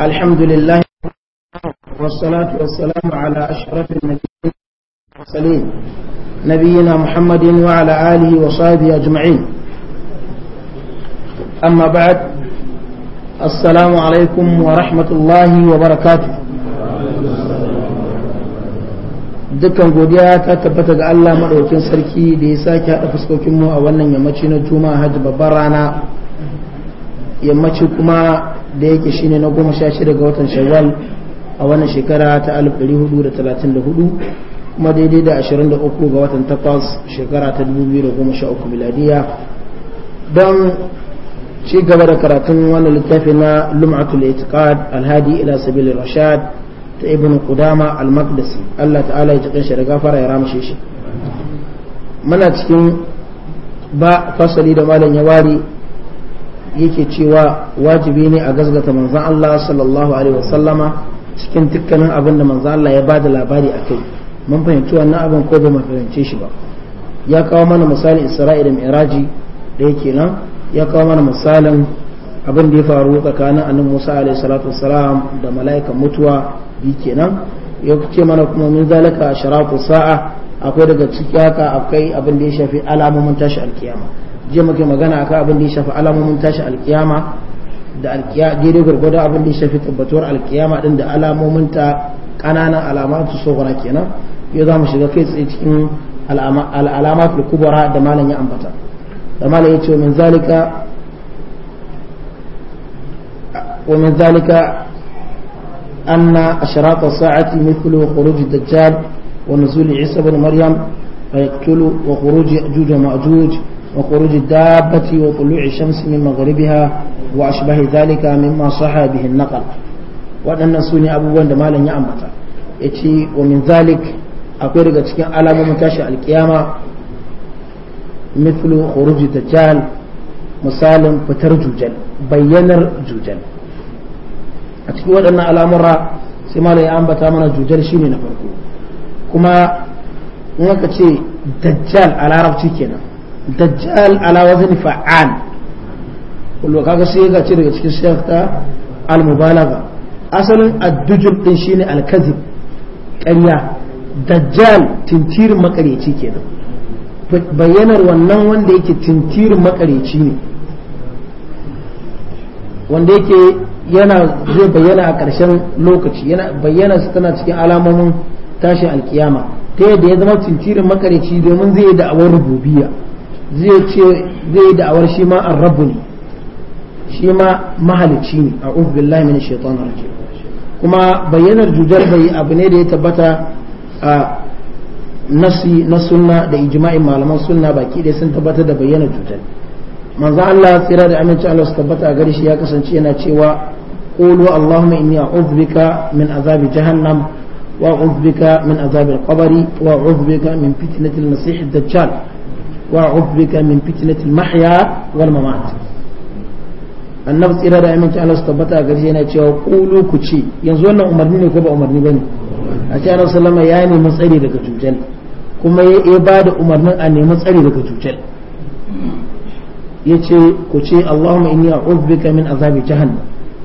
الحمد لله والصلاة والسلام على أشرف النبيين والمرسلين نبينا محمد وعلى آله وصحبه أجمعين أما بعد السلام عليكم ورحمة الله وبركاته dukkan godiya ta tabbata ga Allah maɗaukin sarki da ya sake haɗa fuskokinmu a wannan yammaci na juma'a hajji babbar rana yammaci kuma da yake shine na goma sha shida ga watan shawwal a wannan shekara ta alif hudu da da talatin hudu kuma daidai da ashirin da uku ga watan takwas shekara ta dubu biyu da goma sha uku miladiya don ci gaba da karatun wannan littafi na lum'atul itiqad alhadi ila sabilir rashad ta ibn qudama al-maqdisi Allah ta'ala ya cikin shi da gafara ya ramshe shi muna cikin ba fasali da malam ya ware yake cewa wajibi ne a gazgata manzan Allah sallallahu alaihi wasallama cikin dukkanin abin da manzan Allah ya bada labari a kai mun fahimci wannan abin ko ba mu fahimce shi ba ya kawo mana misalin Isra'i da Mi'raji da yake nan ya kawo mana misalin abin da ya faru tsakanin annabi Musa alaihi salatu wassalam da mala'ikan mutuwa bi kenan ya ce mana kuma min zalika sharatu sa'a akwai daga ciki haka akwai abin da ya shafi alamomin tashi alkiyama je muke magana akan abin da ya shafi alamomin tashi alkiyama da alkiya daidai gwargwadon abin da ya shafi tabbatuwar alkiyama din da alamomin ta kananan alamatu sogora kenan yau za mu shiga kai tsaye cikin alamat kubra da malam ya ambata da malam ya ce min zalika ومن ذلك أن أشراط الساعة مثل خروج الدجال ونزول عيسى بن مريم فيقتل وخروج أجوج ومأجوج وخروج الدابة وطلوع الشمس من مغربها وأشبه ذلك مما صح به النقل وأن سوني أبو وند مالا يأمتا يتي ومن ذلك أقول لك على ممتاشة القيامة مثل خروج الدجال misalin fitar jujal bayyanar jujal a cikin waɗannan al'amura sai malam ya ambata mana jujal shine na farko kuma in aka ce dajjal a larabci kenan dajjal ala wazni fa'al kullu kaga sai ga ce daga cikin shaykh ta al-mubalagha asalin addujul din shine al-kazib ƙarya dajjal tintir makareci kenan bayyanar wannan wanda yake tintir makareci ne wanda yake yana zai bayyana a ƙarshen lokaci yana bayyana su tana cikin alamomin tashin alkiyama ta yadda ya zama tintirin makareci domin zai yi da'awar rububiya zai ce zai da'awar shi ma an rabu ne shi ma mahalicci ne a uku billahi shaitan harke kuma bayyanar judar bai abu ne da ya tabbata a nasi na sunna da ijma'in malaman sunna baki ɗaya sun tabbatar da bayyanar judar manzo Allah tsira da aminci Allah su tabbata a shi ya kasance yana cewa qulu allahumma inni a'udhu bika min azabi jahannam wa a'udhu min azabi al-qabri wa a'udhu min fitnatil masih ad-dajjal وعفرك من فتنة المحيا والممات annabi tsira da aminci Allah su tabbata a ƙarshe yana cewa kulu ku ce yanzu wannan umarni ne ko ba umarni bane a ce annabi ya nemi tsari daga cutar kuma ya ba da umarnin a nemi tsari daga cutar ya ce ku ce Allahumma inni a'udhu bika min azabi jahannam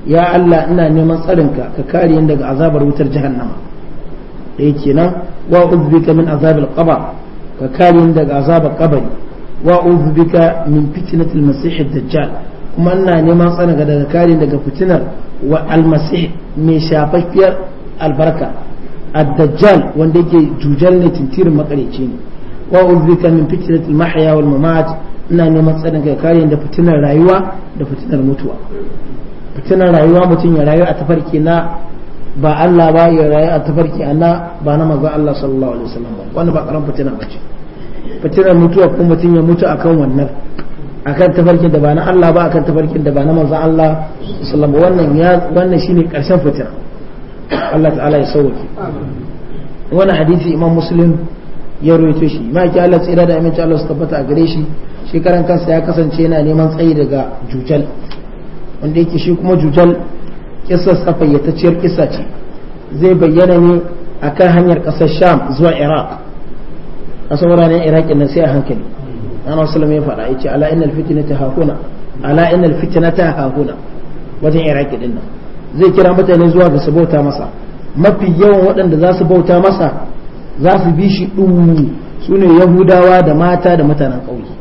ya Allah ina neman tsarin ka daga azabar wutar jahannama nan wa bika min ka kare mu daga azabar kabari wa uzu bika min fitnatil masih dajjal kuma ina neman tsanaga daga kare daga fitinar wa almasih mai shafaffiyar albarka ad-dajjal wanda yake jujal ne tintirin makareci ne wa uzu bika min fitnatil mahya wal mamat ina neman tsanaga kare da fitinar rayuwa da fitinar mutuwa fitinar rayuwa mutum ya rayu a tafarki na ba Allah ba ya rayu a tafarki ana ba na manzon Allah sallallahu alaihi wasallam ba wannan ba karan fitina bace fitinar mutuwa ko mutum ya mutu akan wannan akan tafarkin da ba na Allah ba akan tafarkin da ba na manzon Allah sallallahu wannan ya wannan shine karshen fitina Allah ta'ala ya sauke Wani hadisi Imam Muslim ya rawaito shi ma ki Allah tsira da aminci Allah su tabbata a gare shi shi kansa ya kasance yana neman tsayi daga jujal wanda yake shi kuma jujal kissar safayyatacciyar kisa ce zai bayyana ne akan hanyar kasar Sham zuwa Iraq a saboda ne iraki nan sai a hankali ana sulam ya faɗa ya ce ala innal fitnata hakuna ala innal fitnata hakuna wajen iraki din nan zai kira mutane zuwa ga su bauta masa mafi yawan waɗanda za su bauta masa za su bi shi ɗumi su ne yahudawa da mata da mutanen ƙauye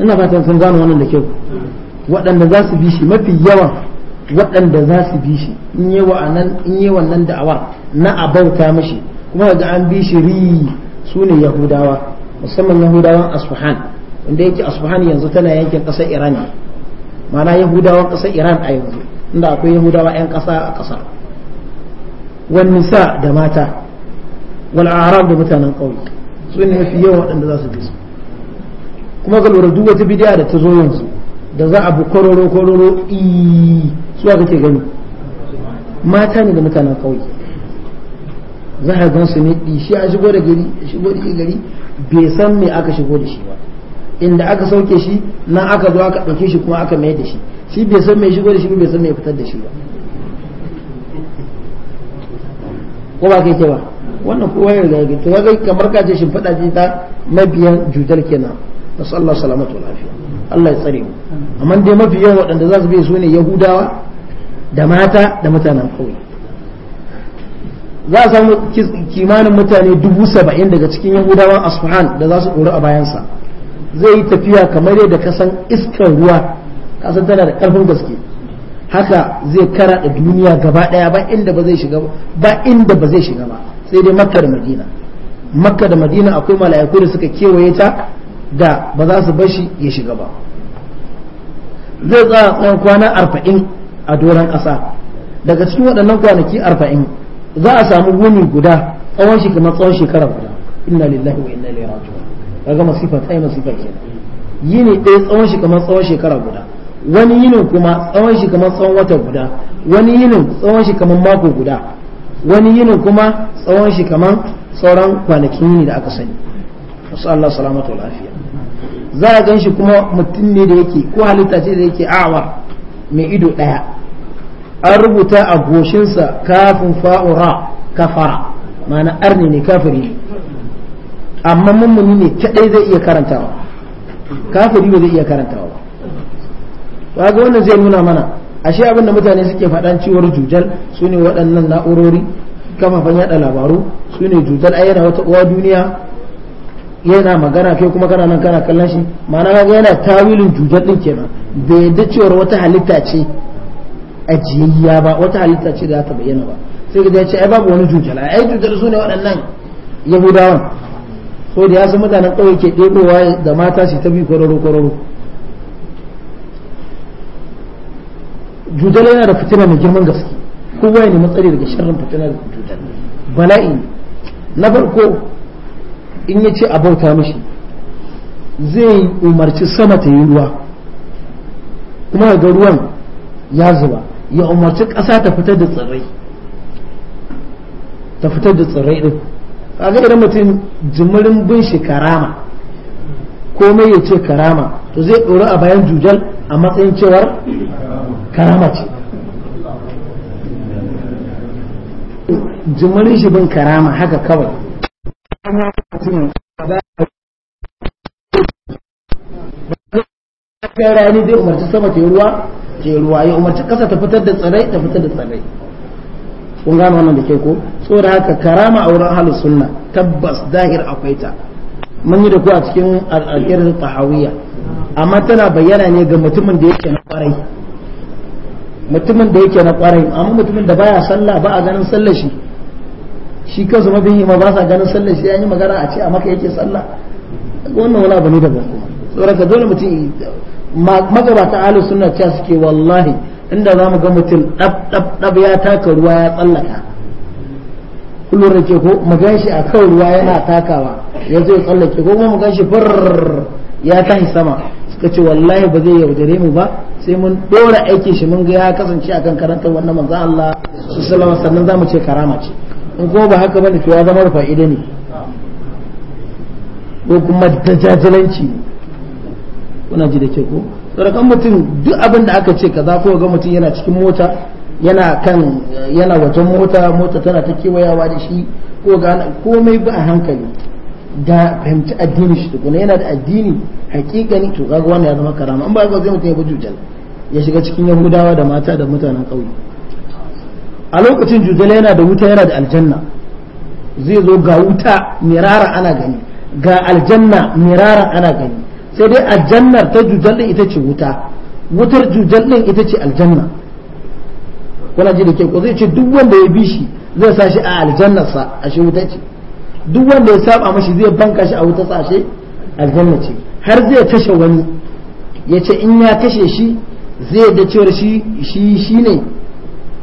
ina fatan sun gano wannan da kyau waɗanda za su bi shi mafi yawan waɗanda za su bi shi in yi wannan da'awar na a bauta mashi kuma ga an bi shiri su ne yahudawa musamman yahudawan asfahan wanda yake asfahan yanzu tana yankin ƙasar iran mana yahudawan ƙasar iran a yanzu inda akwai yahudawa 'yan ƙasa a ƙasar wani nisa da mata wani arab da mutanen ƙauye su ne mafi yawan waɗanda za su bi su kuma ga lura duk wata bidiya da ta zo yanzu da za a bu kororo kororo iya su kake ke gani mata ne da mutanen ƙauye za a gan su ne shi a shigo da gari shigo da gari bai san me aka shigo da shi ba inda aka sauke shi nan aka zo aka ɗauke shi kuma aka mayar da shi shi bai san me shigo da shi bai san me fitar da shi ba ko ba kai ba wannan kowa ya riga to kaga kamar ka ce fada ce ta mabiyan judar kenan nasu Allah salamatu lafiya Allah ya tsare mu amma dai mafi yawan waɗanda za su bi su ne yahudawa da mata da mutanen kauye za a samu kimanin mutane dubu saba'in daga cikin yahudawan asuhan da za su ɗori a bayansa zai yi tafiya kamar yadda ka san iskar ruwa kasan tana da ƙarfin gaske haka zai kara da duniya gaba ɗaya ba inda ba zai shiga ba inda ba zai shiga ba sai dai makka da madina makka da madina akwai mala'iku da suka kewaye ta da ba za su ba shi ya shiga ba zai tsaya tsawon kwana arba'in a doron ƙasa daga cikin waɗannan kwanaki arba'in za a samu guni guda tsawon shi kamar tsawon shekara guda inna lillahi wa inna ilaihi raji'un kaga masifa tsaye masifa kenan yini ɗaya tsawon shi kamar tsawon shekara guda wani yinin kuma tsawon shi kamar tsawon wata guda wani yinin tsawon shi kamar mako guda wani yinin kuma tsawon shi kamar sauran kwanakin yini da aka sani wasu Allah salamatu wa lafiya za a gan shi kuma mutum ne da yake ko halitta ce da yake awa mai ido ɗaya an rubuta a goshinsa kafin fa'ura kafara ma'ana arni ne kafiri ne amma mummuni ne kadai zai iya karantawa kafiri ba zai iya karantawa ba ga wannan zai nuna mana ashe abinda mutane suke faɗan ciwar jujal su ne waɗannan na'urori kafafen yada labaru su ne jujal ai yana wata uwa duniya yana magana kai kuma kana nan kana kallon shi ma'ana yana tawilin jujal din kenan bai yadda cewar wata halitta ce ajiyayya ba wata halitta ce da ta bayyana ba sai ga ya ce ai babu wani jujjala ai jujjala su ne waɗannan yahudawan so da ya san mutanen ƙauye ke ɗebowa da mata su ta bi kwararo kwararo jujjala yana da fitina mai girman gaske kowa ya nemi daga sharrin fitinar jujjala bala'i na farko in ya ce a bauta mishi zai umarci sama ta yi ruwa kuma ga ruwan ya zuba ya umarci ƙasa ta fitar da tsirrai ta fitar da tsirrai din kaga idan mutum jimirin bin shi karama komai ya ce karama to zai ɗora a bayan jujal a matsayin cewar karama ce jimirin shi bin karama haka kawai kai rani zai umarci sama ta yi ruwa ta yi ruwa ya umarci kasa ta fitar da tsirrai ta fitar da tsirrai kun gano wannan da ke ko saboda haka karama a wurin ahlus sunna tabbas dahir akwai ta mun yi da ku a cikin al'adar tahawiyya amma tana bayyana ne ga mutumin da yake na kwarai mutumin da yake na kwarai amma mutumin da baya sallah ba a ganin sallar shi shi kansu yi ma ba sa ganin sallar shi ya yi magana a ce a maka yake sallah wannan wani abu ne daban kuma saboda dole mutum magabata ahlu sunna cewa suke wallahi inda za mu ga mutum ɗab ya taka ruwa ya tsallaka kullum da ko mu gan shi a kan ruwa yana takawa ya zai tsallake ko mu gan shi fur ya tahi sama suka ce wallahi ba zai yaudare mu ba sai mun dora aiki shi mun ga ya kasance akan karantar wannan manzo Allah sallallahu alaihi sannan zamu ce karama ce in ko ba haka bane to ya zama fa'ida ne ko kuma dajajalanci ne kuna ji da ke ko sarakan mutum duk abin da aka ce kaza ko ga mutum yana cikin mota yana kan yana wajen mota mota tana ta kewayawa da shi ko ga komai ba a hankali da fahimci addini shi tukuna yana da addini hakikani to kaga wannan ya zama karama an ba ga zai mutum ya bi jujal ya shiga cikin yahudawa da mata da mutanen ƙauye a lokacin jujal yana da wuta yana da aljanna zai zo ga wuta mirara ana gani ga aljanna mirara ana gani sai dai aljannar ta jujal din ita ce wuta wutar jujjal din ita ce aljanna wala ji da ke ko zai ce duk wanda ya bi shi zai sa shi a sa a shi wuta ce duk wanda ya saba mashi zai banka shi a wuta sa shi aljanna ce har zai kashe wani ya ce in ya kashe shi zai da cewar shi shi shi ne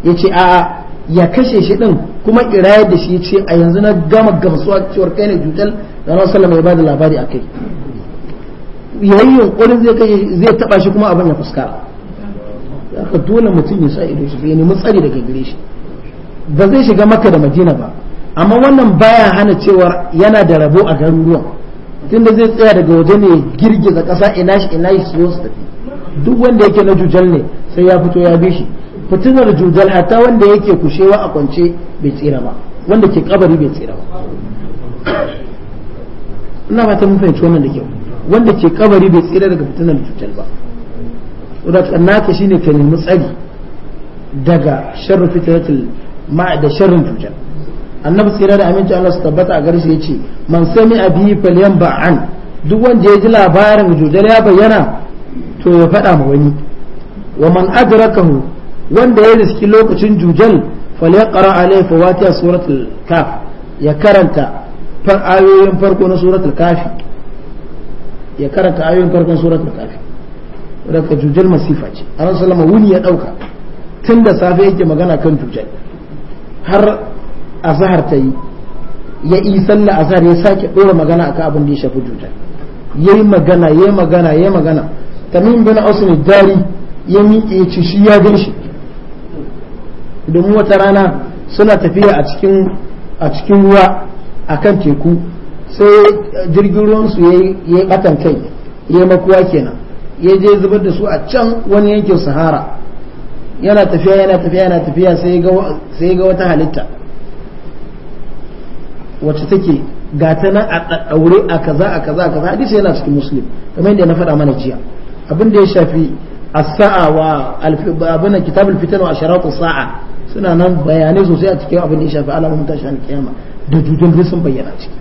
ya ce a ya kashe shi din kuma irayar da shi ce a yanzu na gama gamsuwa cewar kai ne jutal da na sallama ya bada labari a kai yayin kurin zai kai zai taba shi kuma abin ya fuska ka dole mutum ya sa ido shi ya nemi tsari daga gare shi ba zai shiga maka da madina ba amma wannan baya hana cewa yana da rabo a garuruwan tunda zai tsaya daga waje ne girgiza ƙasa ina shi ina shi su tafi duk wanda yake na jujal ne sai ya fito ya bi shi fitinar jujal hatta wanda yake kushewa a kwance bai tsira ba wanda ke kabari bai tsira ba ina ba ta mun fahimci wannan da kyau wanda ke kabari bai tsira daga fitinar cutar ba wadda naka shine ka nemi tsari daga sharrin fitinatul ma da sharrin cutar annabi tsira da aminci Allah su tabbata a garshe yace man sami abi falyan ba'an duk wanda ya ji labarin jujal ya bayyana to ya faɗa ma wani wa man adrakahu wanda ya riski lokacin jujal falyaqra alayhi fawatiha suratul kaf ya karanta ayoyin farko na suratul kafi ya karanta ayoyin farkon suratul kafi daga jujal masifa ce a ran salama wuni ya ɗauka tun da safe yake magana kan jujal har azhar ta yi ya yi sallah azhar ya sake dora magana akan abin da ya shafi jujal yayi magana yayi magana yayi magana tamim bin usman dari ya miƙe ci shi ya gan shi domin wata rana suna tafiya a cikin a kan teku sai eh, jirgin ruwan su yayi katan kai ya makuwa kenan ya je zubar da su a can wani yankin sahara yana tafiya yana tafiya yana tafiya sai ga wata halitta wacce take ga ta nan a ɗaɗɗaure a kaza a kaza a kaza hadisi yana cikin muslim kamar yadda na faɗa mana jiya abin da ya shafi as-sa'a wa abin kitab al-fitan wa asharatu sa'a suna nan bayanai sosai a cikin abin da ya shafi alamun tashin kiyama da dudun sun bayyana ciki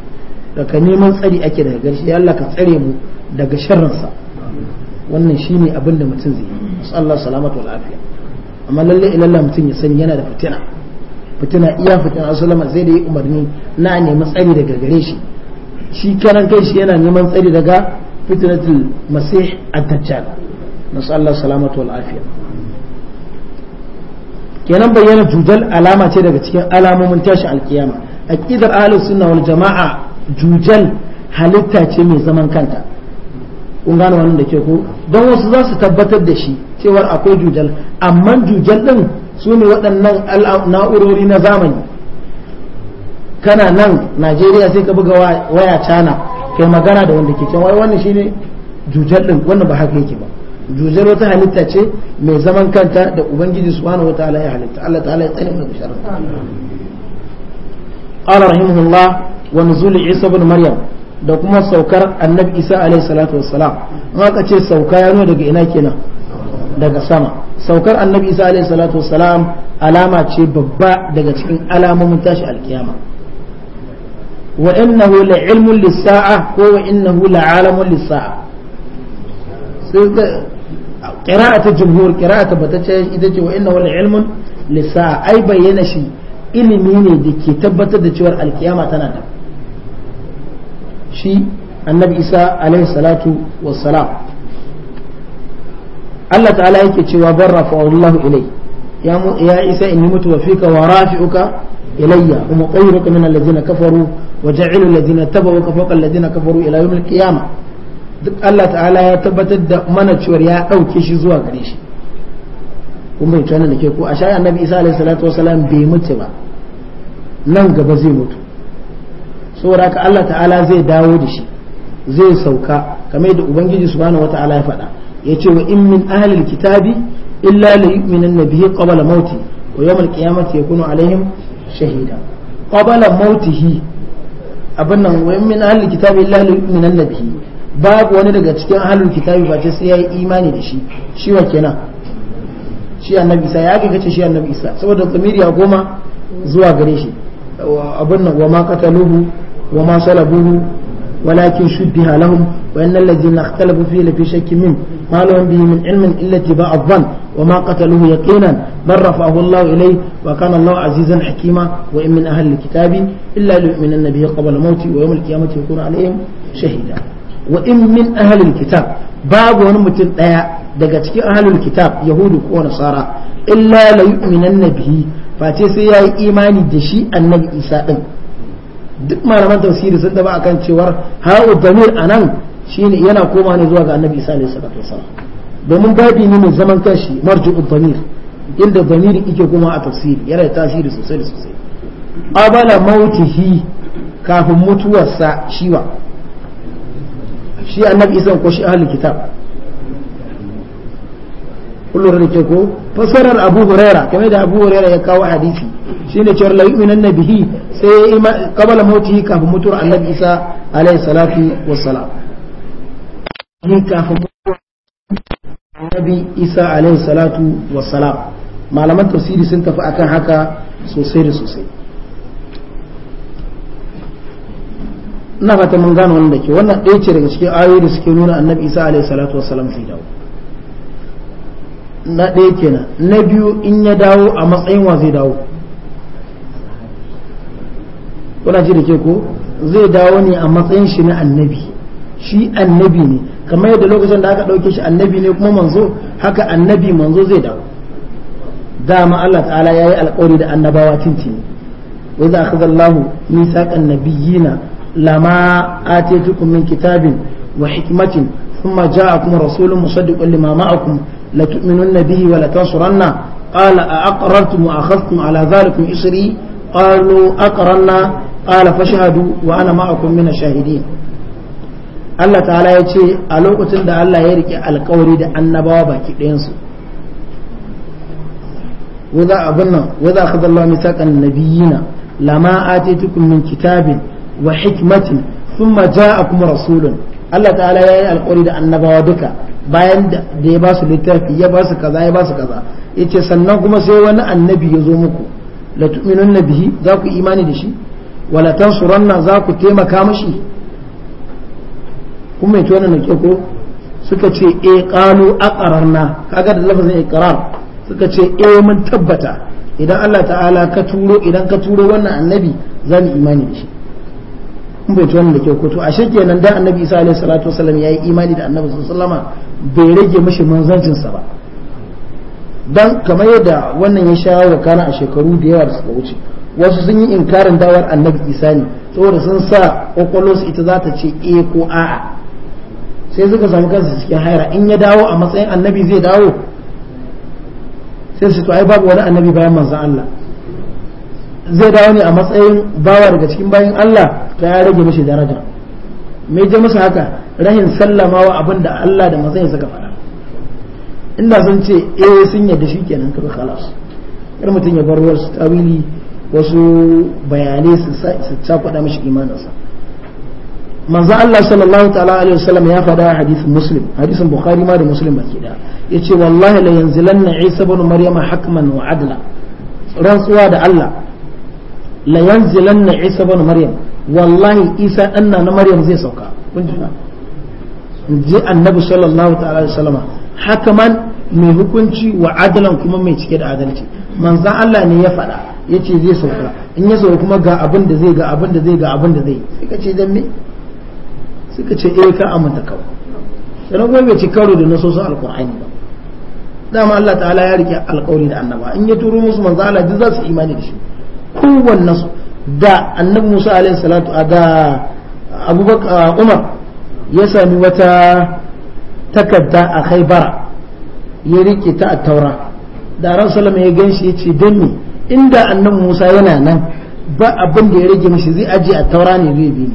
daga neman tsari ake daga gari ya Allah ka tsare mu daga sharrinsa wannan shine abin da mutum zai yi Allah salamatu wa afiya amma lalle ilallah mutum ya san yana da fitina fitina iya fitina sallama zai da yi umarni na neman tsari daga gare shi shi kanan kai shi yana neman tsari daga fitnatul masih ad-dajjal nasu Allah salamatu wa afiya kenan bayyana judal alama ce daga cikin alamomin tashin alkiyama aqidar ahlus sunna wal jama'a jujal halitta ce mai zaman kanta kun gane wannan da ke ko don wasu za su tabbatar da shi cewar akwai jujal amma jujal din su ne waɗannan na'urori na zamani kana nan najeriya sai ka buga waya cana kai magana da wanda ke can wai wannan shine jujal din wannan ba haka yake ba jujal wata halitta ce mai zaman kanta da ubangiji subhanahu wataala ya halitta Allah ta'ala ya tsare mu da sharri wa nuzul isa ibn maryam da kuma saukar annabi isa alaihi salatu wassalam in aka ce sauka ya nuna daga ina kenan daga sama saukar annabi isa alaihi salatu wassalam alama ce babba daga cikin alamomin tashi alkiyama wa innahu la ilmun lis-sa'a ko wa innahu la alamun lis-sa'a sai qira'atu jumhur qira'atu batacce ita ce wa innahu la ilmun lis-sa'a ai bayyana shi ilimi ne da ke tabbatar da cewar alkiyama tana da shi annabi isa alaihi salatu wassalam Allah ta'ala yake cewa barra fa'allahu ilai ya isa inni mutu wa fika wa rafi'uka ilayya wa muqayyiruka min alladhina kafaru wa ja'ilu alladhina tabawuka fawqa alladhina kafaru ila yawm qiyamah duk Allah ta'ala ya tabbatar da mana cewa ya dauke shi zuwa gare shi kun bai tana da ke ko a shayi annabi isa alaihi salatu wasalam bai mutu ba nan gaba zai mutu saboda haka Allah ta'ala zai dawo da shi zai sauka kamar yadda ubangiji subhanahu wata'ala ya faɗa ya ce wa in min ahlil kitabi illa la yu'minu bihi qabla mauti wa yawm al-qiyamati yakunu alaihim shahida qabla mautihi abin nan wa in min ahlil kitabi illa la yu'minu bihi babu wani daga cikin ahlul kitabi ba ce sai yayi imani da shi shi wa kenan shi annabi isa ya kace shi annabi isa saboda zamiri ya goma zuwa gare shi abin nan wa ma qataluhu وما صلبوه ولكن شبه لهم وإن الذين اختلفوا فيه لفي شك منه ما لهم به من علم إلا اتباع الظن وما قتلوه يقينا بل رفعه الله إليه وكان الله عزيزا حكيما وإن من أهل الكتاب إلا ليؤمنن به قبل موته ويوم القيامة يكون عليهم شهيدا وإن من أهل الكتاب باب ونمتن daga cikin ahalul kitab yahudu ko nasara illa la yu'minanna bihi face sai yayi imani da shi annabi isa din duk malaman tafsiri sun daba akan cewar ha'u damir anan shine yana koma ne zuwa ga annabi isa alaihi wasallam domin babi ne mai zaman kashi marji'u damir inda damir yake koma a tafsiri yana da tasiri sosai da sosai abala mautihi kafin mutuwarsa shiwa shi annabi isa ko shi ahlul kitab kullum da ke ko fasarar abu huraira kamar da abu huraira ya kawo hadisi shine cewar la yu'minan bihi sai qabala mauti kafin mutuwar annabi isa alaihi salatu wassalam ni kafin mutuwar annabi isa alaihi salatu wassalam malaman tafsiri sun tafi akan haka sosai da sosai na fata mun gane wannan da ke wannan ɗaya ce daga cikin ayoyi da suke nuna annabi isa alaihi salatu wassalam zai dawo na ɗaya kenan na biyu in ya dawo a matsayin wa zai dawo kuna ji da ke ko zai dawo ne a matsayin shi na annabi shi annabi ne kamar yadda lokacin da aka ɗauke shi annabi ne kuma manzo haka annabi manzo zai dawo dama Allah ta'ala ya yi alƙawari da annabawa tintini wa idza akhadha Allah yi na lama atitukum min kitabin wa ja kuma ja'akum rasulun musaddiqun lima ma'akum لتؤمنن به ولتنصرنه قال أأقررتم وأخذتم على ذلكم إصري قالوا أقررنا قال فاشهدوا وأنا معكم من الشاهدين Allah ta'ala ya ce a lokacin da Allah ya rike alkawari da annabawa baki ɗayansu waza abin nan waza ka zalla misaƙan nabiyina lama atitukum min kitabin wa hikmatin a ja'akum rasulun Allah ta'ala ya yi alkawari da annabawa duka bayan da ya ba su littafi ya ba su kaza ya ba su kaza ce sannan kuma sai wani annabi ya zo muku la tu'minun bihi za ku imani da shi wala tansuranna za ku taimaka mashi kuma ce wannan nake ko suka ce a eh, qalu na kaga da lafazin iqrar suka ce e mun tabbata idan Allah ta'ala ka turo idan ka turo wannan annabi za mu imani da shi kun bai wannan da ke koto ashe kenan dan annabi isa alaihi salatu wasallam yayi imani da annabi wasallam bai rage mishi manzancin sa ba dan kamar yadda wannan ya sha wa kana a shekaru da yawa suka wuce wasu sun yi inkarin dawar annabi isa ne saboda sun sa kokolos ita za ta ce eh ko a'a sai suka samu kansu cikin haira in ya dawo a matsayin annabi zai dawo sai su to ai babu wani annabi bayan manzon Allah zai dawo ne a matsayin bawa daga cikin bayan Allah ta ya rage mishi daraja me je masa haka rahin sallamawa abin da Allah da matsayin suka faɗa inda sun ce eh sun yadda shi kenan kaga khalas kar mutum ya bar wasu tawili wasu bayanai su sa faɗa mishi imaninsa manzo Allah sallallahu ta'ala alaihi wasallam ya faɗa a hadisin muslim hadisin bukhari ma da muslim baki da yace wallahi la yanzilanna isa ibn maryama hakman wa adla rantsuwa da Allah la yanzilanna isa ibn maryam wallahi isa danna na maryam zai sauka kun ji ji annabi sallallahu ta'ala alaihi wasallama hakaman mai hukunci wa adalan kuma mai cike da adalci manzan Allah ne ya faɗa yace zai sauka in ya sauka kuma ga abin da zai ga abin da zai ga abin da zai suka ce dan me suka ce eh ka aminta kawai sanan kuma bai ci karo da nasosin alkur'ani ba dama Allah ta'ala ya rike alƙawari da annaba in ya turo musu manzo Allah duk za su imani da shi kowanne su da annabi Musa alayhi salatu a da Abubakar Umar ya sami wata takarda a Khaibara ya rike ta a taura da ran salama ya ganshi ya ce dan ne inda annan Musa yana nan ba abin da ya rage mishi zai aje a taura ne zai bi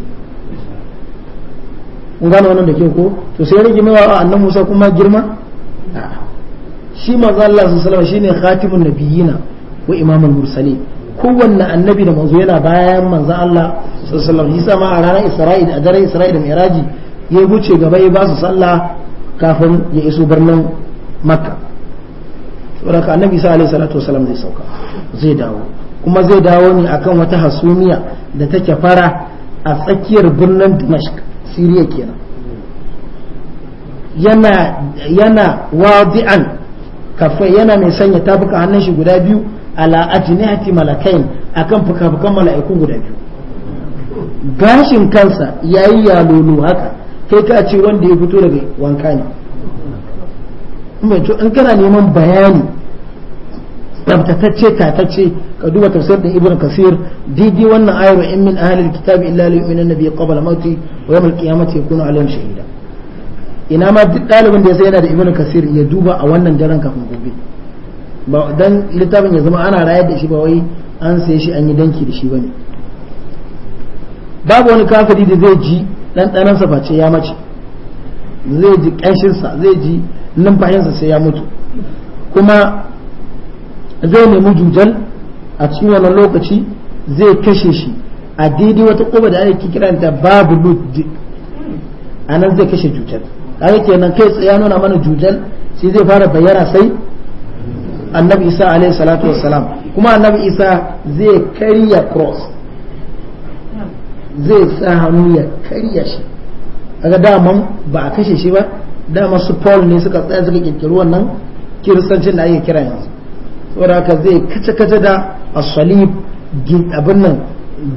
in gano wannan da ke ko to sai rage mewa annan Musa kuma girma shi manzo Allah sallallahu alaihi wasallam shine khatimun nabiyina wa imamul mursalin kowanne annabi da manzo yana bayan manzo Allah sallallahu alaihi wasallam a ranar Isra'il a daren Isra'il da Mi'raji ya wuce gaba ya ba su sallah kafin ya iso birnin Makka saboda annabi sa alaihi salatu wasallam zai sauka zai dawo kuma zai dawo ne akan wata hasumiya da take fara a tsakiyar birnin Dimashq Siriya kenan yana yana wadi'an kafai yana mai sanya tafuka hannun shi guda biyu ala ajnihati malakain akan fuka-fukan mala'iku guda biyu gashin kansa yayi yalolo haka kai ka ce wanda ya fito daga wanka ne in kana neman bayani tabtatacce tatacce ka duba tafsir da ibn kasir didi wannan ayar in min ahlil kitab illa li yu'minu nabiy qabla mauti wa yawm al-qiyamati yakunu alayhim shahida ina ma duk dalibin da ya sai yana da ibn kasir ya duba a wannan daren kafin gobe ba dan littafin ya zama ana rayar da shi ba wai an sai shi an yi danki da shi bane babu wani kafiri da zai ji ɗanɗanan sa face ya mace zai ji ƙanshin sa zai ji numfashin sai ya mutu kuma zai nemi jujal a cikin wannan lokaci zai kashe shi a daidai wata kuma da ake kiranta babu lud a nan zai kashe jujal yake kenan kai tsaye ya nuna mana jujal sai zai fara bayyana sai annabi isa alayhi salatu wassalam kuma annabi isa zai karya cross zai sa hannu ya karya shi kaga dama ba a kashe shi ba dama su paul ne suka tsaya suka kirkiri wannan kiristancin da ake kira yanzu saboda haka zai kace-kace da asalib abin nan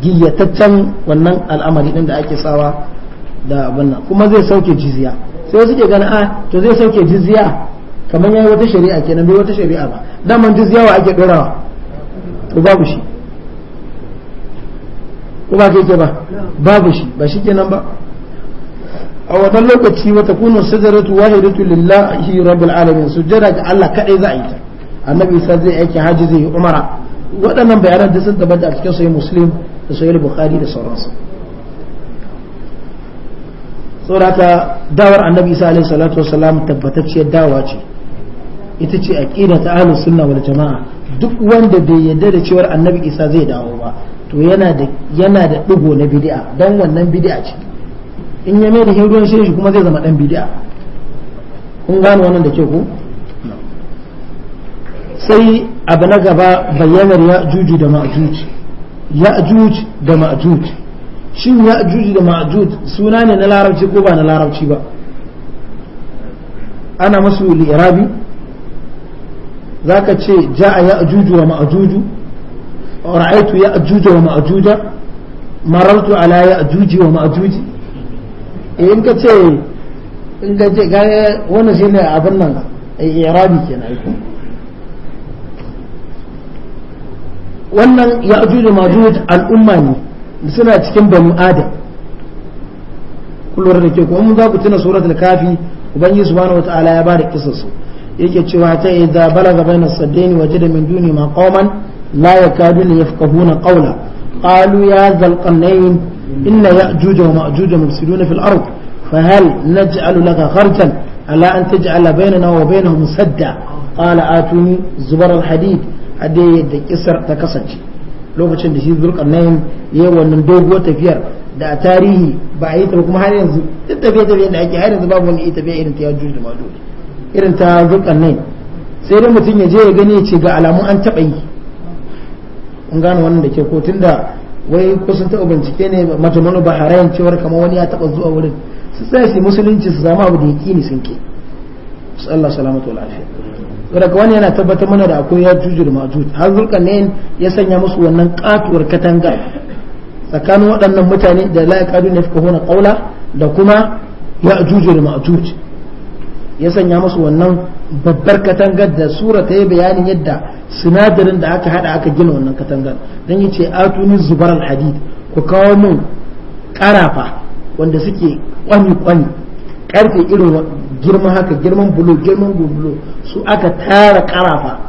giyataccen wannan al'amari din da ake sawa da abin nan kuma zai sauke jizya sai wasu ke gani a ah, to zai sauke jiziya. kamar yayi wata shari'a kenan bai wata shari'a ba daman duk yawa ake dorawa to babu shi ko ba kai ke ba babu shi ba shi kenan ba a wannan lokaci wata kunu sajaratu wahidatu lillahi rabbil alamin sujjada ga Allah kadai za a yi ta annabi isa zai aiki haji zai yi umara waɗannan bayanan da sun tabbata a cikin sahih muslim da sahih bukhari da sauransu saboda dawar annabi isa alaihi salatu wasalam tabbatacciyar dawa ce ita ce aqida ta ahlus sunna wal jama'a duk wanda bai yarda da cewar annabi isa zai dawo ba to yana da yana da digo na bid'a dan wannan bid'a ce in ya mai da hirdon shi kuma zai zama dan bid'a kun gano wannan da ke ku sai abu na gaba bayyanar juju da ma'juj juj da ma'juj shin juj da ma'juj suna ne na larabci ko ba na larabci ba ana masu li'irabi za ka ce ya ajuju wa ra'aitu ya ajuju wa ma'ajuja marartu ala ajuji wa ma'ajuji eh, in ka ce in ka ce ga shi ne abin nan a eh, irabi kenan aiko wannan ya'juj wa ma'juj al'umma ne suna cikin banu adam kullum da ke kuma za ku tuna suratul kafi ubangiji subhanahu wata'ala ya bada kisan su yake cewa ta idza balaga baina waje da min duni ma qauman la yakaduna yafqahuna qawla kalu ya zal qarnayn inna ya'juj wa ma'juj mufsiduna fil ard فهل نجعل لك خرجا على أن تجعل بيننا kala سدا قال آتوني زبر الحديد أدي يد ta kasance. lokacin da shi zulkarnain ya yi wannan doguwar tafiyar da a tarihi ba a yi ta kuma har yanzu duk tafiye tafiye da ake har yanzu babu wani tafiya irin ta yajjuj da majud irin ta zukan nai sai dai mutum ya je ya gani ya ce ga alamu an taɓa yi in gano wannan da ke ko tunda wai kusan taɓa bincike ne matamanu baharain cewar kamar wani ya taɓa zuwa wurin su tsaya su musulunci su zama abu da ni sun ke Allah salamatu lafiya afiya daga wani yana tabbatar mana da akwai ya juju da majud har ne ya sanya musu wannan katuwar katanga tsakanin waɗannan mutane da la yaqaduna hona ƙaula da kuma ya juju da majud ya sanya musu wannan babbar katangar da sura ta yi bayanin yadda sinadarin da aka hada aka gina wannan katangar don yace atuni zubar hadid ku kawo mun karafa wanda suke kwani kwani karfe irin girman haka girman bulo girman bulo su aka tara karafa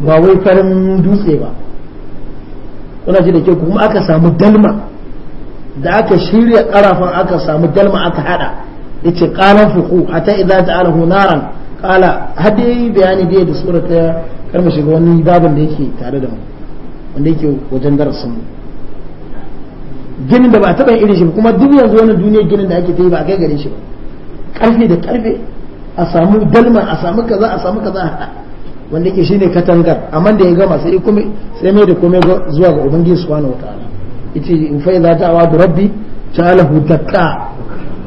ba wai farin dutse ba kuna ji da ke kuma aka samu dalma da aka shirya karafan aka samu dalma aka hada yace qalan fuqu hatta idza ja'alahu naran qala hadi bayani dai da sura ta karma shiga wani babin da yake tare da mu wanda yake wajen darasin mu ginin da ba taba irin shi kuma duk yanzu wannan duniya ginin da ake ta yi ba a kai gare shi ba karfe da karfe a samu dalma a samu kaza a samu kaza wanda yake shine katangar amma da ya gama sai kuma sai mai da komai zuwa ga ubangiji subhanahu wataala yace in fa idza ta'awadu rabbi ta'alahu dakka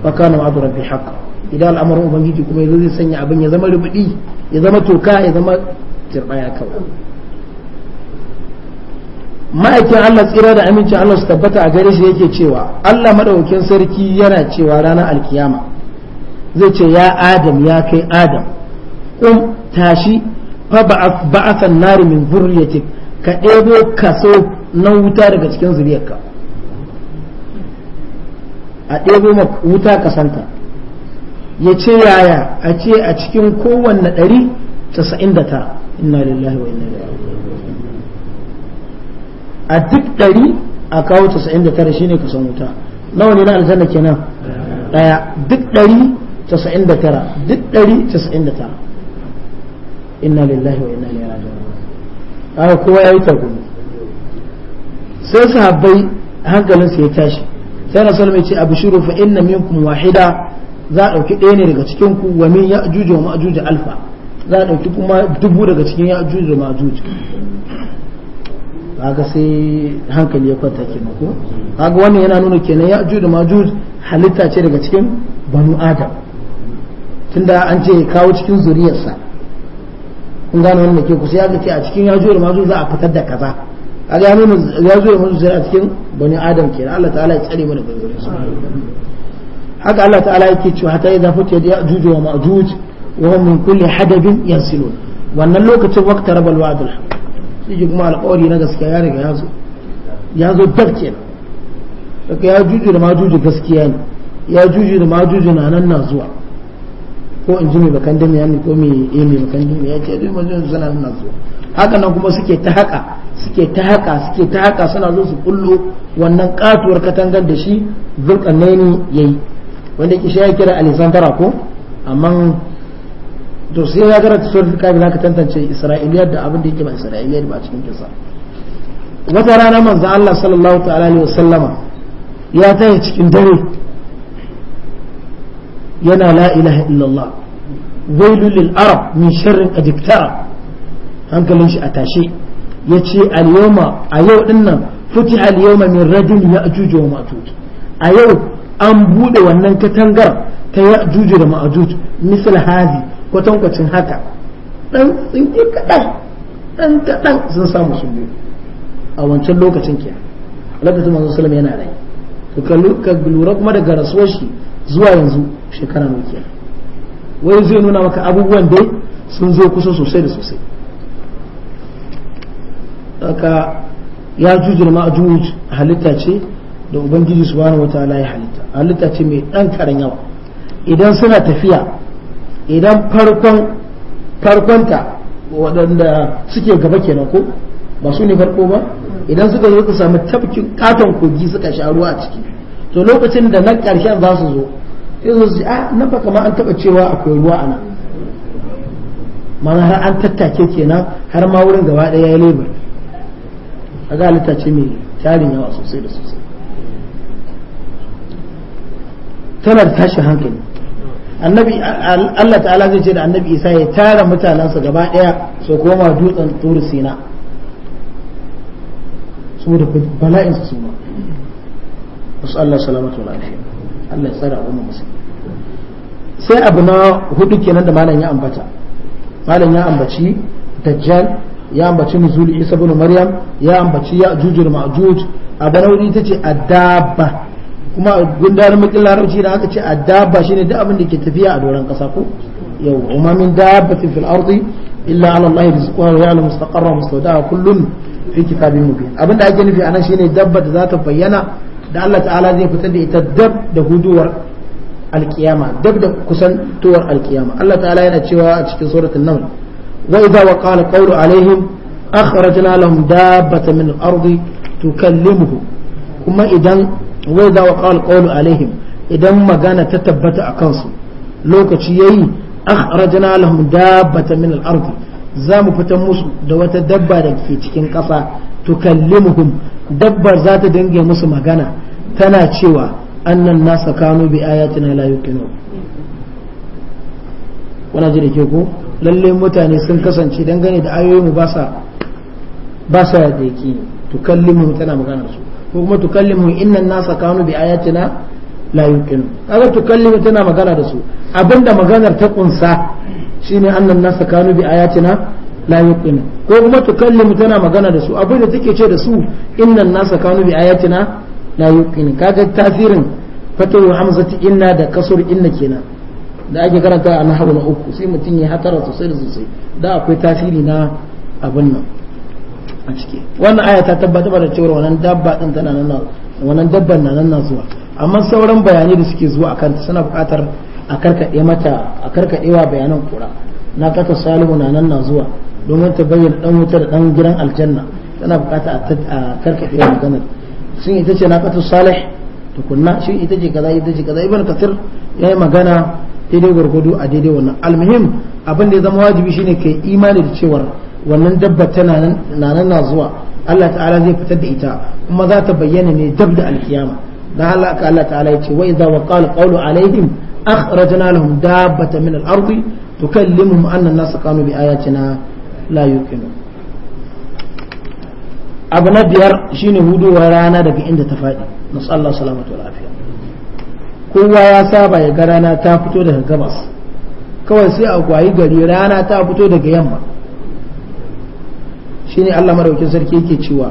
fa kana wa'du rabbi haqqan idan al'amarin ubangiji kuma yanzu zai sanya abin ya zama rubudi ya zama toka ya zama tirbaya kawai ma'aikin Allah tsira da amincin Allah su tabbata a gare shi yake cewa Allah madaukakin sarki yana cewa ranar alkiyama zai ce ya adam ya kai adam kum tashi fa ba'athan nari min zurriyatik ka ɗebo kaso na wuta daga cikin zuriyarka a ɗebo wuta kasanta ya ce yaya a ce a cikin kowanne ɗari casa'in da ta inna lillahi wa inna ilaihi a duk ɗari a kawo casa'in da tara shine kasan wuta nawa ne na aljanna kenan ɗaya duk ɗari casa'in da tara duk ɗari casa'in da tara inna lillahi wa inna ilaihi raji'un kowa ya yi tagumi sai sahabbai hankalinsu ya tashi sai na salama ce abu shiru fa inna minkum wahida za a dauki ɗaya ne daga cikin ku wa min ya'juj wa ma'juj alfa za a dauki kuma dubu daga cikin wa da ba kaga sai hankali ya kwanta kenan ba kaga wannan yana nuna kenan ya'juj wa ma'juj halitta ce daga cikin banu adam tunda an ce kawo cikin zuriyarsa kun gane wannan ke ku sai ga ce a cikin ya'juj wa ma'juj za a fitar da kaza kaga nuna ya zo ya musu zuri'a cikin bani adam kenan Allah ta'ala ya tsare mana gangarin su haka Allah ta'ala yake cewa hatta idza futiya ya'juj wa ma'juj wa hum min kulli hadabin yansilun wannan lokacin waqta rabal wa'dul shi kuma alƙawari na gaskiya ya riga ya zo ya zo dab kenan daga ya juju da majuju gaskiya ne ya juju da majuju na nan na zuwa ko in ji mai bakan dami ya ko mai eh mai bakan dami ya ce duk majuju suna nan na zuwa haka nan kuma suke ta haka suke ta haka suke ta haka suna zo su kullo wannan katuwar katangar da shi zulkarnaini yi wanda ke shi ya kira alexandra ko amma to sai ya gara ta surat kabi ka tantance isra'iliyar da abin da yake ba isra'iliyar ba cikin kisa wata rana manzan Allah sallallahu ta'ala alaihi sallama ya taya cikin dare yana la ilaha illallah wailul lil arab min sharrin qad hankalin shi a tashe ya ce alyoma a yau din nan futiha al-yawma min rajul ya'juj wa ma'juj a yau an bude wannan katangar ta ya'juj da ma'ajuj misal hazi kwatankwacin haka dan ke kadan dan kadan sun samu su biyu a wancan lokacin ke ta manzo sallam yana rai to ka lura kuma daga rasuwar shi zuwa yanzu shekara nawa kenan wai zai nuna maka abubuwan dai sun zo kusa sosai da sosai haka ya jujjira ma'ajuj halitta ce da ubangiji subhanahu wataala ya halitta halitta ce mai ɗan karan yawa idan suna tafiya idan farkon farkonta waɗanda suke gaba kenan ko ba su ne farko ba idan suka zo ku samu tafkin katon kogi suka sha ruwa a ciki to lokacin da na ƙarshen za su zo sai su a ah na fa kamar an taba cewa akwai ruwa a nan mana har an tattake kenan har ma wurin gaba ɗaya ya lebar a ga ce mai tarin yawa sosai da sosai tana da tashin hankali annabi Allah ta'ala zai ce da annabi Isa ya tara mutanensa gaba daya su koma dutsen turu sina saboda bala'in su suna wasu Allah salamatu wa lafiya Allah ya tsara umma musu sai abu na hudu kenan da malam ya ambata malam ya ambaci dajjal ya ambaci nuzul isa ibn maryam ya ambaci ya jujul ma'juj a banauri a adaba kuma gundar makin larabci da aka ce adaba shine duk abin da ke tafiya a doron kasa ko yau umma min dabbatin fil ardi illa ala allahi rizquha wa ya'lamu mustaqarra mustawda'a kullun fi kitabin mubin abin da ake nufi anan shine dabba da za ta bayyana da Allah ta'ala zai fitar da ita dab da huduwar alkiyama dab da kusantowar alkiyama Allah ta'ala yana cewa a cikin suratul naml وإذا وقال القول عليهم أخرجنا لهم دابة من الأرض تكلمه كما إذا وإذا وقال القول عليهم إذا ما كان تتبت أكنسو لو كتشيي أخرجنا لهم دابة من الأرض زام فتموس دوات دبا في تكين كفا تكلمهم دبا ذات دنجي مسو مغانا تنا تشيوا أن الناس كانوا بآياتنا لا يوقنون ولا جري كيكو Lallai mutane sun kasance dangane da ayoyinmu ba sa ba sa da yake tukallimu tana magana da su ko kuma tukallimu innan nasa kanu bi ayatina la yukinu kaga tukallimu tana magana da su abinda maganar ta kunsa shine annan nasa kanu bi ayatina la yukinu ko kuma tukallimu tana magana da su abinda take ce da su innan nasa kanu bi ayatina la yukinu kaga tasirin fatawu hamzati inna da kasur inna kenan da ake karanta a nahawu na uku sai mutum ya hatara sosai da sosai da akwai tasiri na abin nan a ciki wannan aya ta tabbatar da cewa wannan dabba din tana nan wannan dabban na nan zuwa amma sauran bayanai da suke zuwa akan suna buƙatar a karkade mata a karkadewa bayanan kura na kaka salihu na nan na zuwa domin ta bayyana dan da dan gidan aljanna tana buƙatar a karkade maganar sun ita ce na kaka salih tukunna shi ita ce kaza ita ce kaza ibn kathir yayi magana daidai gwargwado a daidai wannan almuhim abin da ya zama wajibi shine kai imani da cewar wannan dabba tana nan na zuwa Allah ta'ala zai fitar da ita kuma za ta bayyana ne dab da alkiyama dan Allah ka Allah ta'ala ya ce wa idza waqala qawlu alaihim akhrajna lahum dabbatan min al-ardi tukallimuhum anna an-nas kanu bi ayatina la yuqinun abu na biyar shine wa rana daga inda ta faɗi nasu Allah salamatu wa lafiya kowa ya saba ya ga rana ta fito daga gabas kawai sai a gwayi gari rana ta fito daga yamma shine Allah madaukin sarki yake cewa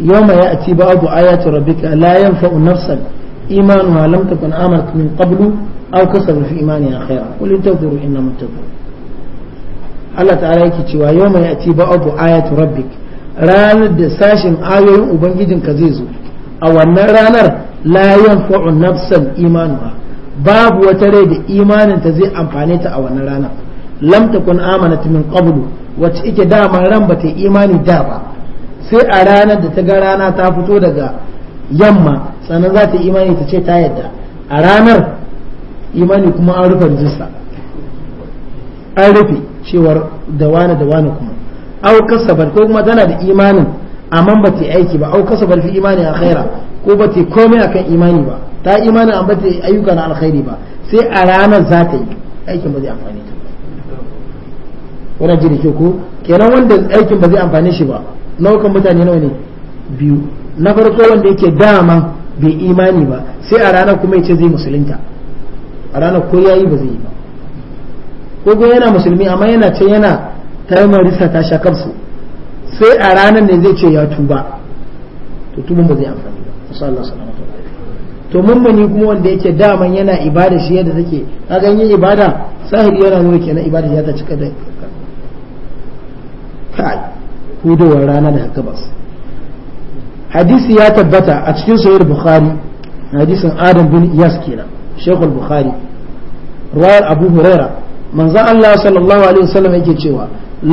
yawma ya'ti ba'du ayati rabbika la yanfa'u nafsan imanuha lam takun amanat min qablu aw kasabat fi imaniha khayran qul intadhiru inna muntadhirun Allah ta'ala yake cewa yawma ya'ti ba'du ayati rabbika ranar da sashin ayoyin ubangijinka zai zo a wannan ranar la yanfa'u nafsan imanuha babu wata rai da imanin ta zai amfane ta a wannan ranar lam takun amanat min qablu wacce ike dama ran ba ta imani da ba sai a ranar da ta ga rana ta fito daga yamma sannan za ta imani ta ce ta yadda a ranar imani kuma an rufe rijista an rufe cewar da wani da wani kuma au kasabar ko kuma tana da imanin amma ba ta aiki ba au kasabal fi imani a khaira ko ba ta komai akan imani ba ta imani amma ba ta ayyuka na alkhairi ba sai a ranar za ta yi aikin ba zai amfani ta wani ji da ke ko kenan wanda aikin ba zai amfani shi ba nau'ukan mutane nawa ne biyu na farko wanda yake dama bai imani ba sai a ranar kuma ya ce zai musulunta a ranar ko yayi ba zai yi ba ko yana musulmi amma yana ce yana ta marisa ta sha kansu sai a ranar ne zai ce ya tuba to tuban ba zai amfani ba sai Allah salamatu to mummuni kuma wanda yake daman yana ibada shi yadda take kaga yin ibada sahiri yana nuna kenan ibada ya ta cika da kai hudowar rana da gabas hadisi ya tabbata a cikin sahih bukhari hadisin adam bin iyas kenan shaykhul bukhari ruwayar abu hurairah manzon Allah sallallahu alaihi wasallam yake cewa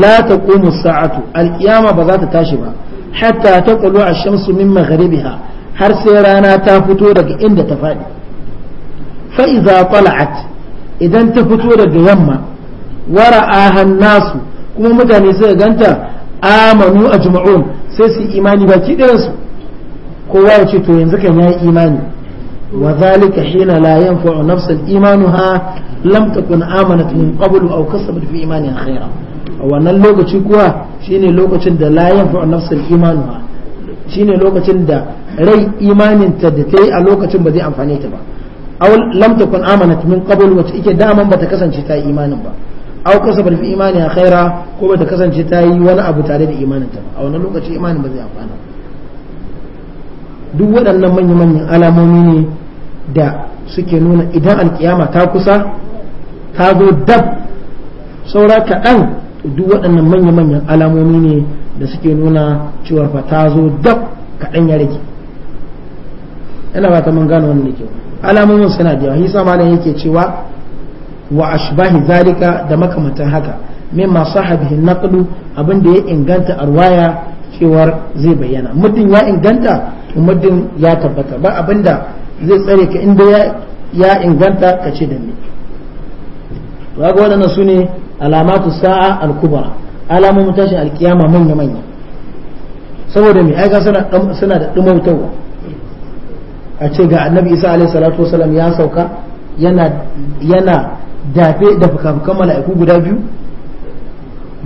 la taqumu sa'atu al-qiyama ba za ta tashi ba hatta taqulu ash-shamsu min maghribiha har sai rana ta fito daga inda ta faɗi fa idza tala'at idan ta fito daga yamma wara'aha an-nasu kuma mutane suka ganta amanu ajma'un sai su imani baki ɗayansu kowa ya ce to yanzu kan yayi imani وذلك حين لا ينفع نفسا إيمانها لم تكن آمنت من قبل أو كسبت في إيمانها خيرا wannan lokaci kuwa shine lokacin da la yanfa nafsal imanuha shine lokacin da rai imaninta da ta yi a lokacin ba zai amfane ta ba aw lam takun amanat min wacce ike daman bata kasance ta yi imanin ba aw kasabat fi imaniha khaira ko bata kasance ta yi wani abu tare da a wannan imanin ba zai amfana duk waɗannan manya-manyan alamomi ne da suke nuna idan alkiyama ta kusa ta zo dab saura kaɗan duk waɗannan manya-manyan alamomi ne da suke nuna cewar fa ta zo dab kaɗan ya rage ina ba ta mun gano wannan da kyau alamomin suna da yawa hisa malam yake cewa wa ashbahi zalika da makamantan haka masu sahabihi naqlu abin da ya inganta arwaya cewar zai bayyana muddin ya inganta muddin ya tabbata ba abinda zai tsare ka inda ya inganta ka ce da ni ga waɗannan su ne alamatu sa'a al-kubra alamomin tashin alkiyama manya manya saboda mai aika suna da dumautarwa a ce ga annabi isa alaihi salatu wasalam ya sauka yana dafe da fukafukan mala'iku guda biyu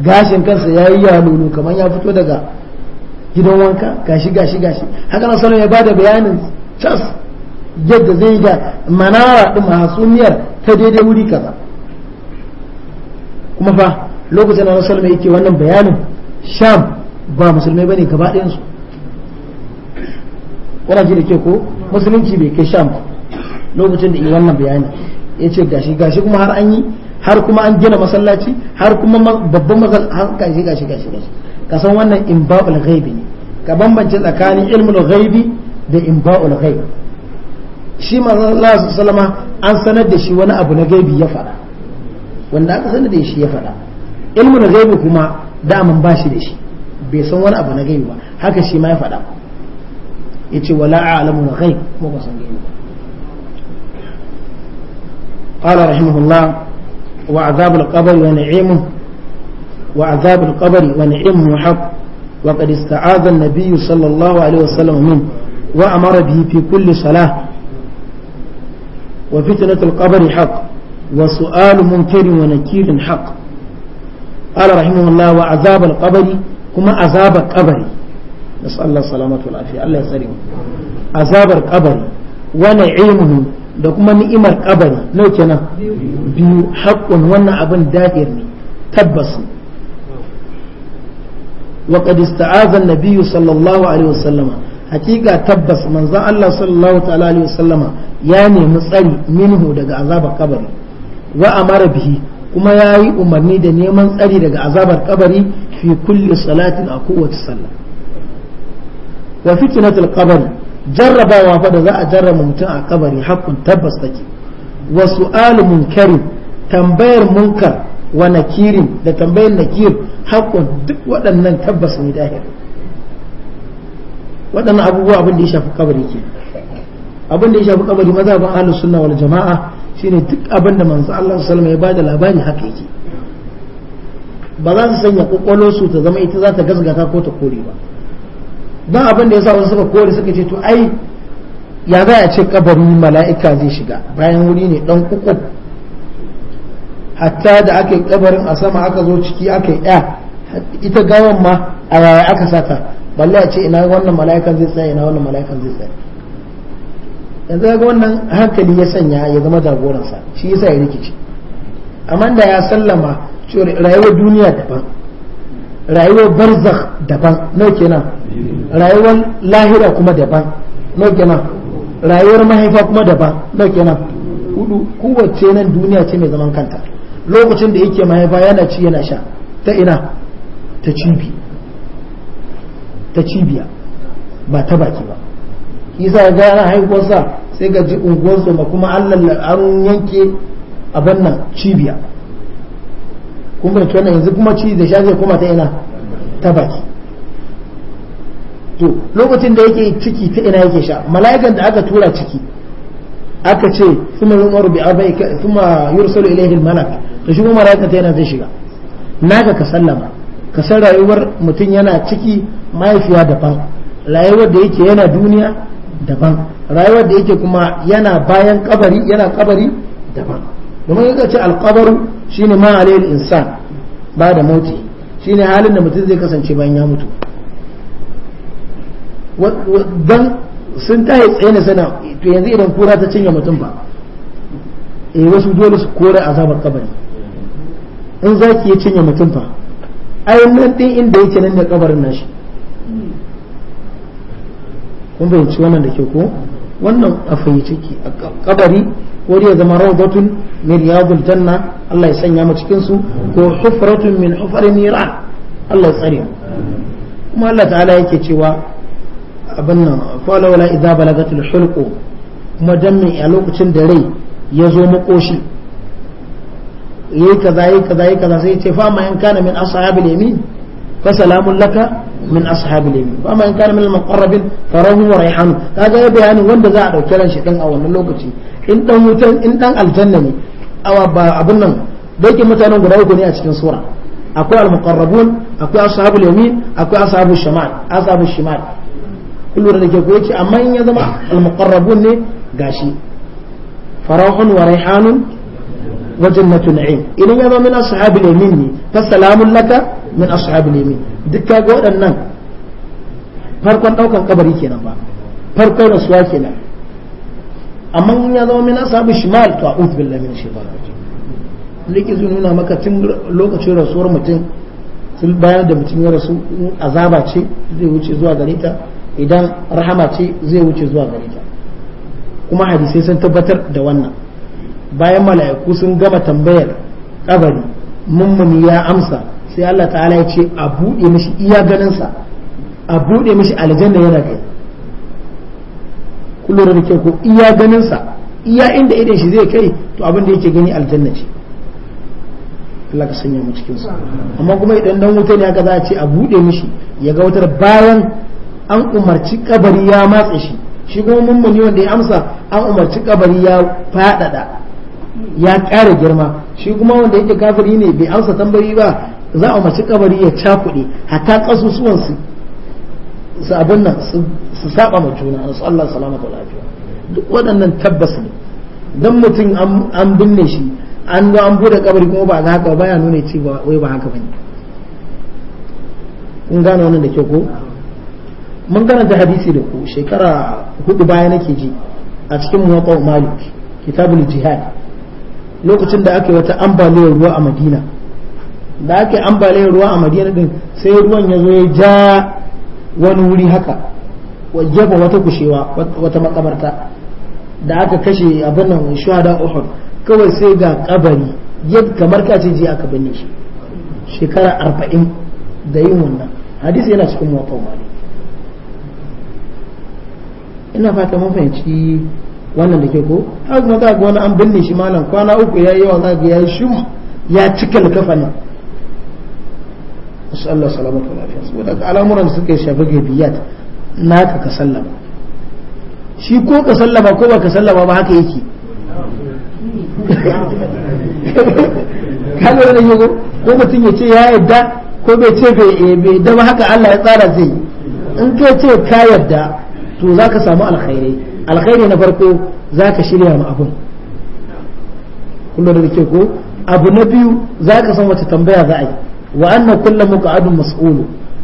gashin kansa ya yi yalulu kamar ya fito daga gidan wanka gashi gashi gashi haka na salon ya da bayanin cas yadda zai ga manara ɗin hasumiyar ta daidai wuri kaza kuma fa lokacin da rasul mai yake wannan bayanin sham ba musulmai bane gaba ɗayan su wani ji da ke ko musulunci bai kai sham ba lokacin da yi wannan bayani ya ce gashi gashi kuma har an yi har kuma an gina masallaci har kuma babban masallaci har gashi gashi gashi gashi kasan wannan imba'ul ghaibi ne ka bambance tsakanin ilmul ghaibi da imba'ul ghaibi shi manzon Allah sallama an sanar da shi wani abu na gaibi ya faɗa wanda aka sanar da shi ya faɗa ilmu na gaibi kuma daman ba shi da shi bai san wani abu na gaibi ba haka shi ma ya faɗa ya ce wala a'lamu na kai kuma ba san gaibi ba قال رحمه الله وعذاب القبر ونعيمه وعذاب القبر ونعيمه حق وقد استعاذ النبي صلى الله عليه وسلم منه وأمر به في كل صلاة وفتنة القبر حق وسؤال منكر ونكير حق قال رحمه الله وعذاب القبر كما عذاب القبر نسأل الله السلامة والعافية الله يسلم عذاب القبر ونعيمه da kuma ni'imar kabari nau kenan biyu haƙƙun wannan abin da'ir ne tabbas wa qad ista'aza an-nabiy sallallahu alaihi wasallama hakika tabbas manzon Allah sallallahu ta'ala alaihi wasallama ya nemi tsari minhu daga azabar kabari wa amara bihi kuma ya yi umarni da neman tsari daga azabar kabari fi kulli salatin a kowace sallah wa fitnatul qabr jarrabawa fa da za a jarraba mutum a kabari hakkun tabbas take wa su'alu munkarin tambayar munkar wa nakirin da tambayar nakir hakkun duk waɗannan tabbas ne dahir waɗannan abubuwa abin da ya shafi kabari ke abin da ya shafi kabari maza ban ahlus sunna wal jama'a shine duk abin da manzo Allah sallallahu ya bada labari haka yake ba za su sanya kokolon su ta zama ita za ta gasgata ko ta kore ba don abin da ya sa wasu suka kore suka ce to ai ya za a ce kabari mala'ika zai shiga bayan wuri ne dan kuku hatta da aka yi kabarin a sama aka zo ciki aka yi ah, ita gawan ma a yaya aka sata balle a ce ina wannan mala'ikan zai tsaya ina wannan mala'ikan zai tsaya yanzu ga wannan hankali ya sanya ya zama jagoransa shi yasa ya rikici amma da ya sallama rayuwar duniya daban rayuwar barzakh daban nau kenan rayuwar lahira kuma daban nau kenan rayuwar mahaifa kuma daban nau kenan hudu kowace nan duniya ce mai zaman kanta lokacin da yake mahaifa yana ci yana sha ta ina ta cibi ta cibiya ba ta baki ba isa ga yana haihuwarsa sai ga ji unguwarsa ma kuma allah an yanke a nan cibiya kuma fahimci wannan yanzu kuma ci da sha zai kuma ta ina ta baki to lokacin da yake ciki ta ina yake sha mala'ikan da aka tura ciki aka ce kuma umaru bi abai kuma yursalu ilayhi almalak to shi kuma mala'ikan ta yana zai shiga ga ka sallama ka san rayuwar mutum yana ciki mahaifiya daban rayuwar da yake yana duniya daban rayuwar da yake kuma yana bayan kabari yana kabari daban domin yadda ce alkabaru ne ma alayil insan ba da mauti shi ne halin da mutum zai kasance bayan ya mutu Don sun yi tsaye na sana to yanzu idan kura ta cinye mutum ba eh wasu dole su kore azabar kabari in za ki yi cinye mutum fa ai nan din inda yake nan da kabarin nashi kun fahimci wannan da ke ko wannan a ciki a kabari wani ya zama rawdatun min riyadul janna Allah ya sanya mu cikin su ko hufratun min hufarin niran Allah ya tsare kuma Allah ta'ala yake cewa abin nan qala wala idza balagatil hulqu kuma danne a lokacin da rai ya zo makoshi yayi kaza yayi kaza yayi kaza sai ya ce fa ma in kana min ashabil yamin فسلام لك من أصحاب اليمين فأما إن كان من المقربين فروه وريحانه هذا يبيان وند زعد وكلام شيطان أو أن لوكتي إن دم إن دم الجنة أو أبنا بيت متان غدا يكون أشكن سورة أكو المقربون أكو أصحاب اليمين أكو أصحاب الشمال أصحاب الشمال كل ورد يقول أما إن يزم المقربون قاشي فروح وريحان وجنة نعيم إذا يزم من أصحاب اليمين فسلام لك min ashabul yamin duk kaga waɗannan farkon daukan kabari kenan ba farkon rasuwa kenan amma in ya zama min ashabul shimal to a'udhu billahi min shaitanir rajim liki zai nuna maka tun lokacin rasuwar mutum sun bayar da mutum ya rasu azaba ce zai wuce zuwa gare ta idan rahama ce zai wuce zuwa gare ta kuma hadisai sun tabbatar da wannan bayan mala'iku sun gama tambayar kabari mummuni ya amsa sai Allah ta'ala ya ce a buɗe mishi iya ganinsa a buɗe mishi aljanna yana kai kullum da ke ko iya ganinsa iya inda idan shi zai kai to abin da yake gani aljanna ce Allah ka sanya mu cikin sa amma kuma idan dan wuta ne aka za a ce a buɗe mishi ya ga wutar bayan an umarci kabari ya matse shi shi kuma mummuni wanda ya amsa an umarci kabari ya faɗaɗa ya ƙara girma shi kuma wanda yake kafiri ne bai amsa tambayi ba za a mace kabari ya cakuɗe hatta ƙasusuwan su su abin nan su saba ma juna su Allah ta lafiya duk waɗannan tabbas ne don mutum an binne shi an zo an bude kabari kuma ba ga haka ya nuna cewa wai ba haka bane kun gane wannan da ke ko mun karanta hadisi da ku shekara hudu baya nake ji a cikin muwatta malik kitabul jihad lokacin da aka yi wata ambaliyar ruwa a madina da ake ambaliyar ruwa a madina din sai ruwan ya zo ya ja wani wuri haka jefa wata kushewa wata makabarta da aka kashe abin nan shuhada uhud kawai sai ga kabari yadda kamar ka ce jiya aka binne shi shekara arba'in da yin wannan hadisi yana cikin mawaƙa mali ina fata mun fahimci wannan da ke ko haka kuma ga wani an binne shi malam kwana uku ya yi yawa za ga ya yi shum ya cika alkafanin insha Allah salamatu lafiya saboda al'amuran suka shafi gaibiyat na ka ka sallama shi ko ka sallama ko ba ka sallama ba haka yake kaga wannan yago ko mutum ya ce ya yadda ko bai ce bai eh, bai ba haka Allah ya tsara zai in ka ce ka yadda to za ka samu alkhairi alkhairi na farko za ka shirya ma abun kullum da ke ko abu na biyu za ka san wace tambaya za a yi وأن كل مقعد مسؤول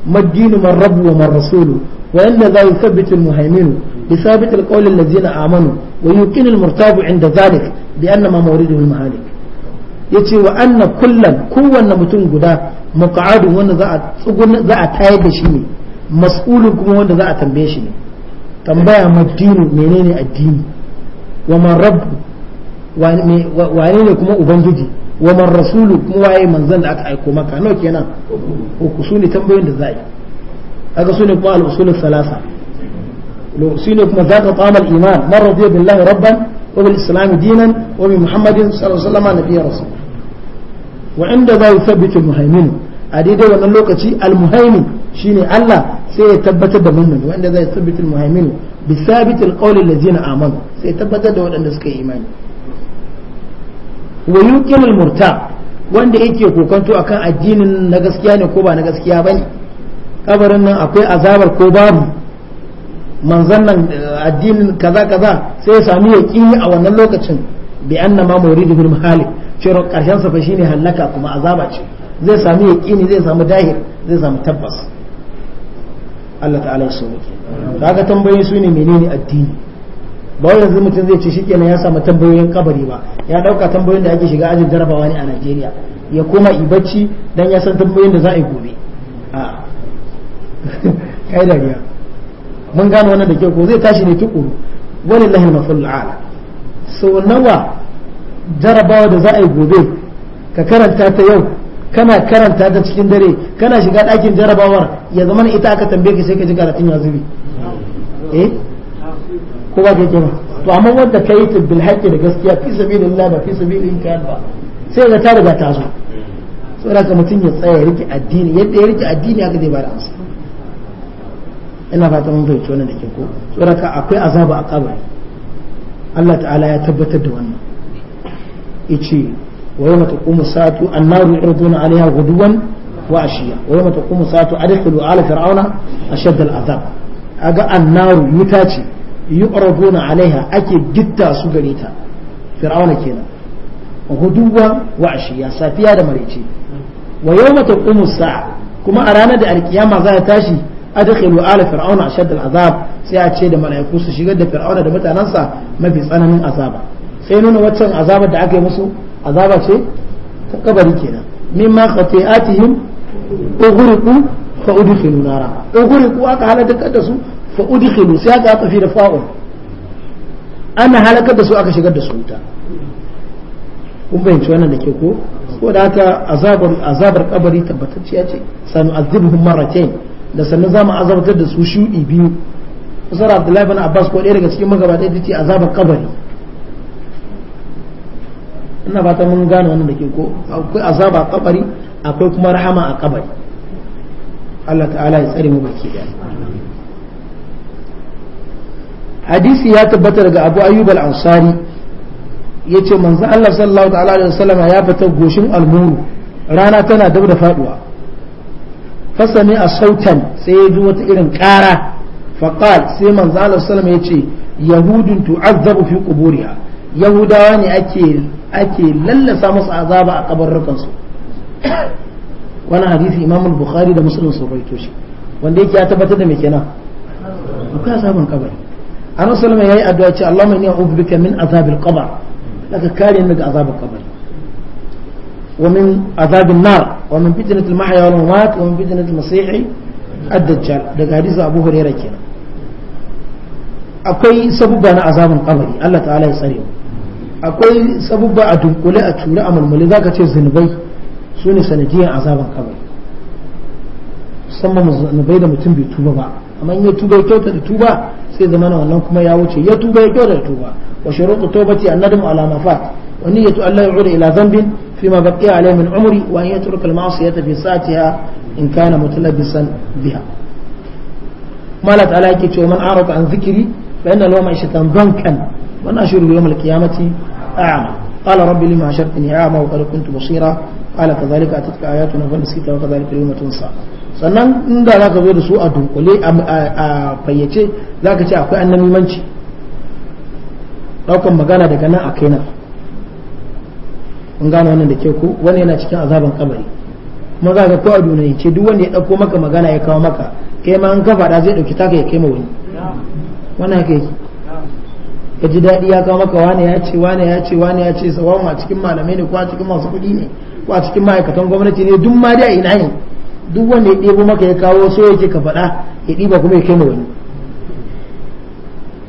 ما الدين من رب ومن رسول وأن ذا يثبت المهيمن بثابت القول الذين آمنوا ويمكن المرتاب عند ذلك بأن ما مورده المهالك yace wa anna kullum kowanne mutum guda muqa'adu wanda za tsugun za a tayar da shi ne mas'ulun kuma wanda za a tambaye shi ne tambaya madinu menene addini wa wane ne kuma ubangiji wa man rasulu kuma waye manzon da aka aiko maka nawa kenan uku su ne tambayoyin da za yi kaga su kuma al-usul salasa su ne kuma zaka qamal iman man radiya billahi rabban wa bil islam dinan wa bi muhammadin sallallahu alaihi wasallam nabiyyi rasul wa inda za yuthabbitu al-muhaimin a daidai wannan lokaci al-muhaimin shine Allah sai ya tabbatar da mumin inda zai tabbatar al-muhaimin bi sabitil qawli allazina amanu sai tabbatar da waɗanda suka yi imani wa yuqinul murtab wanda yake kokanto akan addinin na gaskiya ne ko ba na gaskiya bane kabarin nan akwai azabar ko babu manzan nan eh, addinin kaza kaza sai ya sami yaqini a wannan lokacin bi annama ma muridu mahalik cewa karshen sa fa shine halaka kuma azaba ce zai sami yaqini zai samu dahir zai samu tabbas Allah ta'ala ya sauke kaga tambayoyi su ne menene addini ba wai yanzu mutum zai ce shi na ya samu tambayoyin kabari ba ya dauka tambayoyin da ake shiga ajin jarabawa ne a Najeriya ya koma ibacci dan ya san tambayoyin da za a yi gobe a kai dariya mun gano wannan da kyau ko zai tashi ne tukuru wani lahi mafi ala so nawa jarabawa da za a yi gobe ka karanta ta yau kana karanta ta cikin dare kana shiga ɗakin jarabawar ya zama ita aka tambaye ka sai ka ji karatun ya zubi eh? ko ba ta ba to amma wanda ka yi bil haqqi da gaskiya fi sabilillah ba fi da sabilillah ba sai ga ta riga ta zo saboda ka mutum ya tsaya ya riƙe addini yadda ya riƙe addini haka zai da amsa ina fata mun fahimci wannan da ke ko saboda ka akwai azaba a kabari Allah ta'ala ya tabbatar da wannan yace wa yawma taqumu sa'atu an-naru yurduna 'alayha ghuduwan wa ashiya wa yawma taqumu sa'atu adkhulu ala fir'auna ashadda al-'adab aga an-naru yuta ce yu'raduna alaiha ake gitta su gare ta fir'auna kenan huduwa wa ashiya safiya da maraice wa yawma taqumu sa'a kuma a ranar da alkiyama za a tashi adkhilu ala fir'auna ashad al'azab sai a ce da mala'iku su shigar da fir'auna da mutanensa mafi tsananin azaba sai nuna waccan azabar da aka yi musu azaba ce ta kabari kenan mimma khati'atihim ughriqu fa udkhilu nara ughriqu aka halaka da su fa udkhilu sai aka tafi da fa'ul ana halakar da su aka shigar da su wuta kun fahimci wannan da ke ko ko da haka azabar azabar kabari tabbatacciya ce sanu azibuhum marratayn da sannan zamu azabtar da su shudi biyu Usar Abdullahi bin Abbas ko ɗaya daga cikin magabata ita ce azabar kabari ina ba ta mun gane wannan da ke ko akwai azaba a kabari akwai kuma rahama a kabari Allah ta'ala ya tsare mu baki daya hadisi ya tabbata daga abu ayyub al-ansari ya ce manzo Allah sallallahu ta'ala alaihi wasallam ya fita goshin almuru rana tana dab da faduwa fasami a sautan sai ya ji wata irin kara faqal sai manzo Allah sallallahu ya ce yahudun tu'azzabu fi quburiha yahudawa ne ake ake lallasa musu azaba a kabarrukan su wannan hadisi Imam al-Bukhari da Muslim sun rawaito shi wanda yake ya tabbatar da me kenan akwai azaban kabari salama ya yi addu'a ce Allahumma nia a'udhu bika min azabil qabar daga kare ni daga azabil qabr wa min azabin nar wa min fitnatil mahya wal mamat wa min fitnatil masih ad-dajjal daga hadisi Abu Hurairah kenan akwai sabubba na azabin kabari Allah ta'ala ya tsare akwai sabubba a dunkule a tura a mulmuli zaka ce zunubai su ne sanadiyar azabin kabari musamman zunubai da mutum bai tuba ba amma ya tuba ya kyauta da tuba sai zama na wannan kuma ya wuce ya tuba ya kyauta da tuba wa shurutu tawbati annadamu ala ma fat wa niyyatu an la yu'uda ila dhanbin fima baqiya alayhi min umri wa an yatruka al ma'siyata fi sa'atiha in kana mutalabbisan biha mala ta'ala yake cewa man araka an zikri fa inna lahu ma'ishatan dhankan wa nashuru yawm al qiyamati a'ma qala rabbi lima ashartani a'ma wa qad kuntu basira ala ka zalika kazalika atatka na fa sita wa zalika yau yawma sa sannan inda zaka zo da su a dunkule a fayyace zaka ce akwai annabimanci daukan magana daga nan a kai nan in gano wannan da ke ko wani yana cikin azaban kabari kuma za ka ko a duniya ce duk wanda ya dauko maka magana ya kawo maka kai ma an ka faɗa zai dauki taka ya kai ma wani wannan haka yake ka ji daɗi ya kawo maka wani ya ce wani ya ce wani ya ce sawamu ma cikin malamai ne ko a cikin masu kuɗi ne ko a cikin ma'aikatan gwamnati ne duk ma dai ina ne duk wanda ya ɗebo maka ya kawo so ce ka faɗa ya ɗiba kuma ya kai ni wani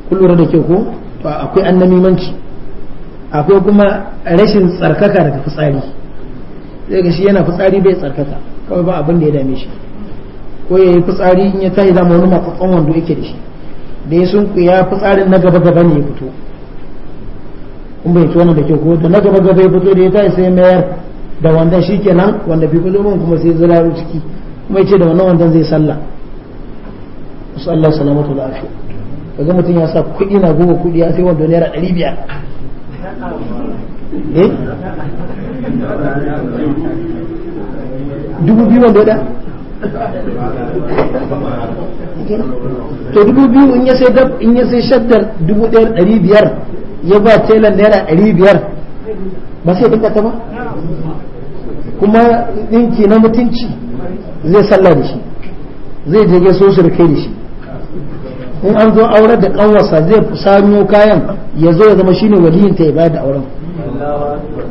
kun lura da kyau ko to akwai annamimanci akwai kuma rashin tsarkaka daga fitsari sai ga shi yana fitsari bai tsarkaka kawai ba abin da ya dame shi ko ya yi fitsari in ya tashi zama wani matsatsan wando yake da shi da ya sun ya fitsarin na gaba gaba ne ya fito kun bai ci wannan da kyau ko da na gaba gaba ya fito da ya tashi sai mayar da wanda shi kenan wanda fi kuzumin kuma sai ziraro ciki kuma ya ce da wannan wandan zai sallah wasu Allah salamatu da afi kaga mutum ya sa kuɗi na goma kuɗi ya sai wanda naira ɗari biyar eh dubu biyu wanda da to dubu biyu in ya sai dab in ya sai shaddar dubu ɗaya ɗari biyar ya ba telan naira ɗari biyar ba sai dinka ta ba kuma dinki na mutunci zai sallah da shi zai je ga so da kai da shi in an zo aurar da kanwarsa zai samiyo kayan ya zo ya zama shine waliyin ta ya bayar da auren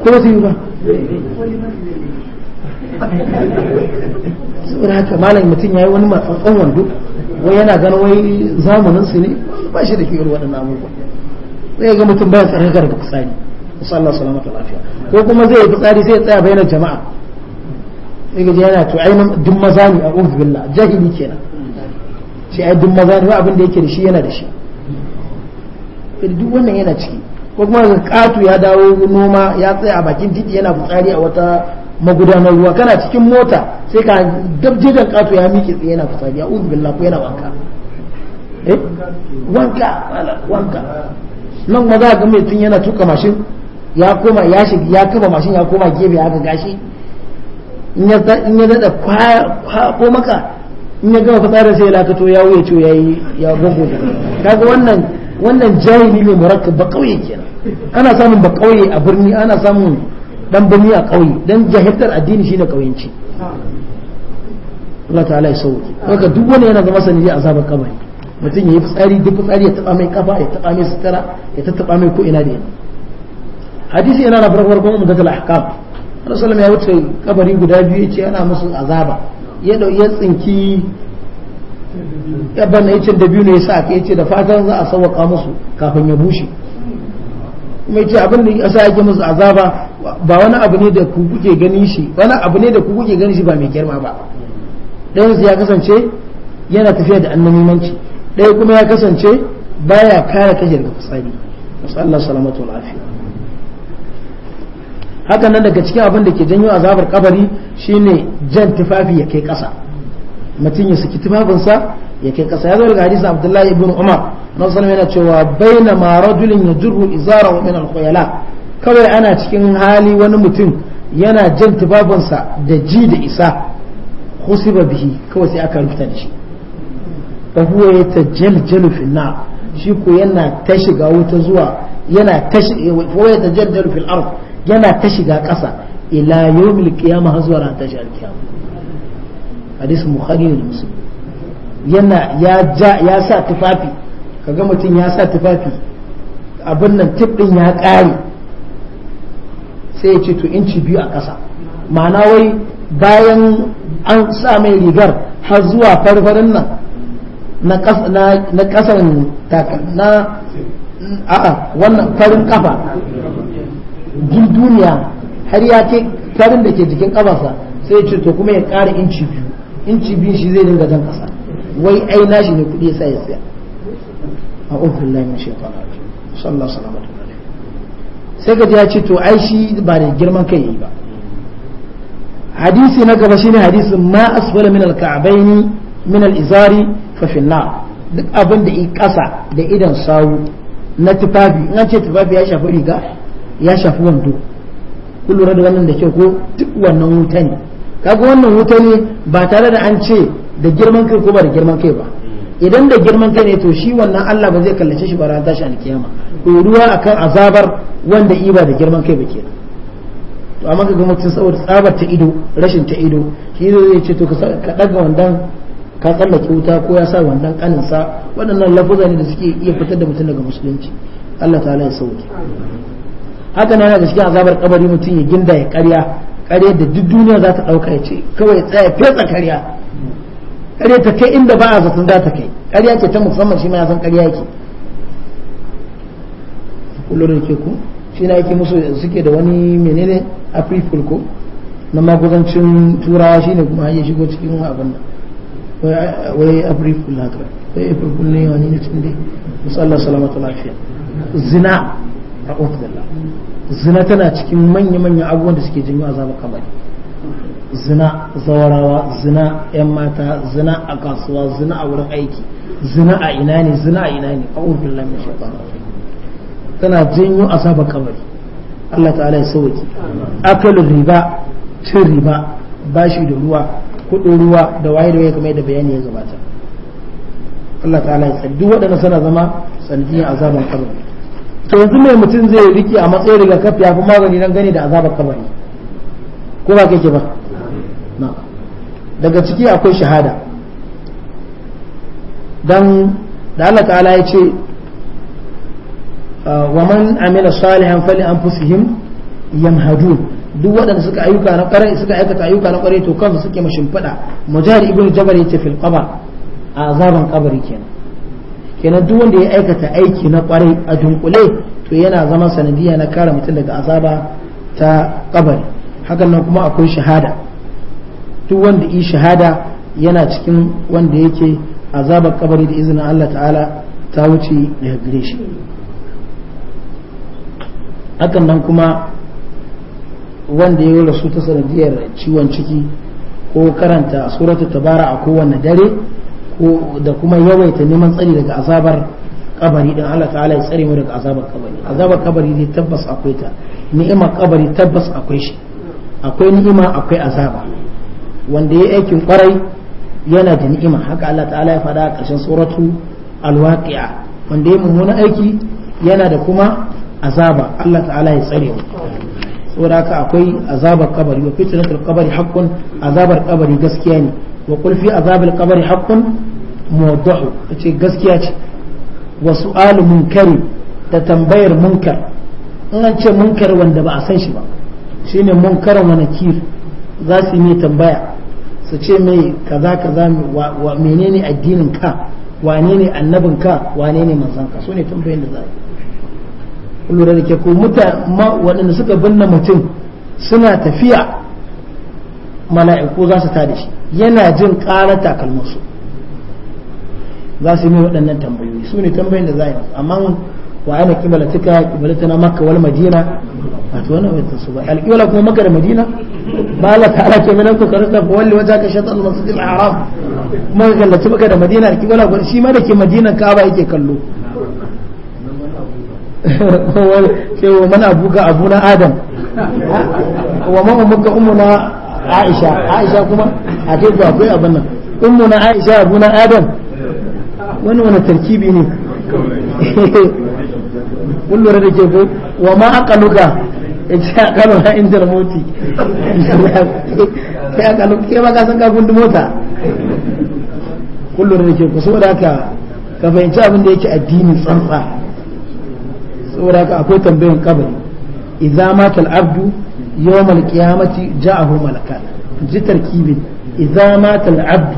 ko su yi ba saboda haka malam mutum ya yi wani matsatsan wando wai yana ganin wai zamanin su ne ba shi da ke irin waɗannan abubuwa zai ga mutum bayan tsarkakar da kusa ne musa Allah salamatu lafiya ko kuma zai yi tsari sai ya tsaya na jama'a sai gaji yana to ai duk maza ne a uzu billah jahili kenan shi ai duk maza ne abin da yake da shi yana da shi duk wannan yana ciki ko kuma katu ya dawo noma ya tsaya a bakin titi yana fitsari a wata magudanar ruwa kana cikin mota sai ka dabjijan katu ya miƙe tsaye yana fitsari a uzu billah ko yana wanka eh wanka wanka nan maza ga mai tun yana tuka mashin ya koma ya shiga ya kaba mashin ya koma gefe haka gashi in ya kwa ko maka in ya gama fitsarin sai ya lakato ya wuya ciwo ya yi ya gogo kaga wannan wannan jahili ne murakkab ba kauye kenan ana samun ba kauye a birni ana samun dan birni a kauye dan jahiltar addini shine kauyenci Allah ta'ala ya sauke kaga duk wani yana zama sanadi a zaba kabari mutum ya yi fitsari duk fitsari ya taba mai kafa ya taba mai sutura ya tattaba mai ko ina da yana hadisi yana na farkon farko mu gatal ahkam rasulullah ya wuce kabari guda biyu yace yana musu azaba ya dau ya tsinki ya bana yace da biyu ne yasa aka yace da fatan za a sauka musu kafin ya bushe kuma yace abin da yasa yake musu azaba ba wani abu ne da ku kuke gani shi wani abu ne da ku kuke gani shi ba mai girma ba dan ya kasance yana tafiya da imanci ɗaya kuma ya kasance baya kare kashe daga fitsari masu salamatu lafiya hakan nan daga cikin abin da ke janyo azabar kabari shine jan tufafi ya kai kasa mutum ya saki tufafinsa ya kai kasa ya zo daga hadisin abdullahi ibn umar na sallam yana cewa baina ma rajulin yajru izara min al kawai ana cikin hali wani mutum yana jan tufafinsa da ji da isa khusiba bihi kawai sai aka rubuta da shi fa huwa yatajaljalu fi nar shi ko yana ta shiga wuta zuwa yana ta shiga wa yatajaljalu fil ard yana ta shiga ƙasa ila yawmil qiyama har zuwa ran tashi alkiyama hadisi bukhari da musu yana ya ja ya sa tufafi kaga mutum ya sa tufafi abin nan tip din ya ƙare sai ya ce to inci biyu a ƙasa ma'ana wai bayan an sa mai rigar har zuwa farfarin nan na ƙasan na a'a wannan farin kafa duniya har ya ce tarin da ke jikin kafarsa sai ce to kuma ya ƙara inci biyu inci biyu shi zai dinga jan kasa wai ai nashi ne kuɗi sai ya tsaya a ofin lamin shekara sallallahu salamatu sai ka ya ce to ai shi ba da girman kai yi ba hadisi na gaba shine hadisin ma asfala min al min alizari fa fi duk abin da i kasa da idan sawu na tufafi in an ce tufafi ya shafi riga ya shafi wando kun lura da wannan da kyau ko duk wannan wuta ne kaga wannan wuta ne ba tare da an ce da girman kai ko ba da girman kai ba idan da girman kai ne to shi wannan Allah ba zai kallace shi ba ran tashi ko ruwa akan azabar wanda iba da girman kai ba kenan to amma kaga mutum saboda tsabar ta ido rashin ta ido shi zai ce to ka daga wandan ka tsallake wuta ko ya sa wandan kaninsa waɗannan lafuza ne da suke iya fitar da mutum daga musulunci Allah ta'ala ya sauke haka nan da cikin azabar kabari mutum ya ginda ya karya karya da duk duniya za ta dauka ya ce kawai tsaya fesa karya karya ta kai inda ba a zaton za ta kai karya ce ta musamman shi ma ya san karya yake kullum da ke ku shi na yake musu suke da wani menene april ko na makudancin turawa shi ne kuma ya shigo cikin abin nan wai april na haka wai april fool ne wani ne cikin dai musallar salamatu lafiya zina a ofdallah zina tana cikin manya-manyan abubuwan da suke janyo azabar kamari zina zawarawa zina yan mata zina a kasuwa zina a wurin aiki zina a ina ne zina a ina ne a'udhu billahi minash shaitanir tana janyo azabar kamari Allah ta'ala ya sauke akalu riba cin riba bashi da ruwa kudin ruwa da waye da waye kamar yadda bayani ya gabata Allah ta'ala ya tsari duk waɗanda suna zama sanadiyar azaban kamari. to yanzu mai mutum zai riki a matsayin rigakafi ya fi magani don gani da azabar kabari ko ba kake ba daga ciki akwai shahada don da Allah ta'ala ya ce ah, wa man amila salihan fali anfusihim yamhadun duk waɗanda suka ayyuka na ƙarai suka aikata ayyuka na ƙarai to kansu suke mashimfiɗa mujahid ibnu jabal ce fil qabr azaban qabri kenan kenan duk wanda ya aikata aiki na kwarai a dunkule to yana zama sanadiya na kare mutum daga azaba ta kabari hakan nan kuma akwai shahada duk wanda yi shahada yana cikin wanda yake azabar kabari da izinin Allah ta'ala ta wuce daga gare shi hakan nan kuma wanda ya rasu ta sanadiyar ciwon ciki ko karanta suratul tabara a kowane dare ko da kuma yawaita neman tsari daga azabar kabari din Allah ta'ala ya tsare mu daga azabar kabari azabar kabari ne tabbas akwai ta ni'imar kabari tabbas akwai shi akwai ni'ima akwai azaba wanda ya aikin kwarai yana da ni'ima haka Allah ta'ala ya faɗa a ƙarshen suratu alwaqi'a wanda ya mummuna aiki yana da kuma azaba Allah ta'ala ya tsare mu saboda haka akwai azabar kabari wa fitnatul kabari haqqun azabar kabari gaskiya ne wa a fi azabil qabri haqqun muwaddahu ce gaskiya ce wa su'alu munkari da tambayar munkar in an ce munkar wanda ba a san shi ba shine munkaran wani kir za su yi tambaya su ce mai kaza kaza wa menene addinin ka wane ne annabin ka wane ne manzon ka sune tambayoyin da za yi lura da ke ko mutane waɗanda suka binne mutum suna tafiya mala'iku za su tada shi yana jin ƙarar takalminsu za su yi waɗannan tambayoyi su ne tambayin da za a yi amma wa ana kibalatuka kibalata na makka wal madina a to wannan wata su ba alƙibla kuma makka da madina ba la ta'ala ke minan ku karanta ko walli wata ka shatal masjidil haram kuma ka kallaci makka da madina alƙibla ko shi ma da ke madina ka ba yake kallo sai wa man abuka abuna adam wa man ummuka ummuna aisha aisha kuma a kai ba akwai abin nan ummu na aisha abu na adam wani wani tarkibi ne kun lura da ke ko wa ma luka in a aqalu ha inda ramoti sai aqalu ke ba ka san ka kundi mota kun lura da ke ko saboda haka ka fahimci abin da yake addini tsantsa saboda haka akwai tambayin kabari idza mata al-abdu يوم القيامة جاءه ملكان جي تركيب إذا مات العبد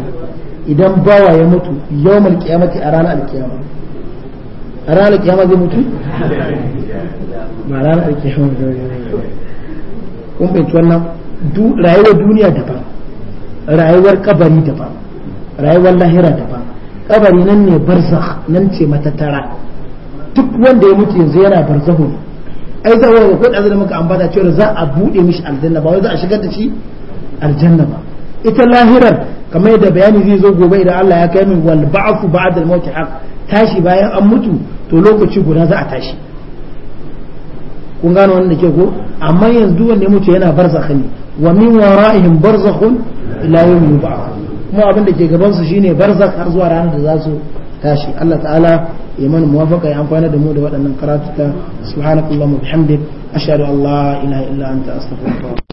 إذا باوى يموت يوم القيامة أرانا القيامة أرانا القيامة زي أرانا القيامة kun bai wannan rayuwar duniya daban rayuwar kabari daban rayuwar lahira daban kabari nan ne barzakh nan ce matattara duk wanda ya mutu yanzu yana barzahu ne ai sai wani ko da muka ambata cewa za a buɗe mishi aljanna ba wai za a shigar da shi aljanna ba ita lahirar kamar yadda bayani zai zo gobe idan Allah ya kai min wal ba'fu ba'da al mawt haq tashi bayan an mutu to lokaci guda za a tashi kun gano wannan ke ko amma yanzu wanne mutu yana barzakh ne wa min wara'ihim barzakhun ila yawm yub'ath kuma abin da ke gaban su shine barzakh har zuwa ranar da za su tashi Allah ta'ala ya mana muwafaqa ya amfana da mu da waɗannan karatuka subhanakallahumma bihamdik ashhadu an la ilaha illa anta astaghfiruka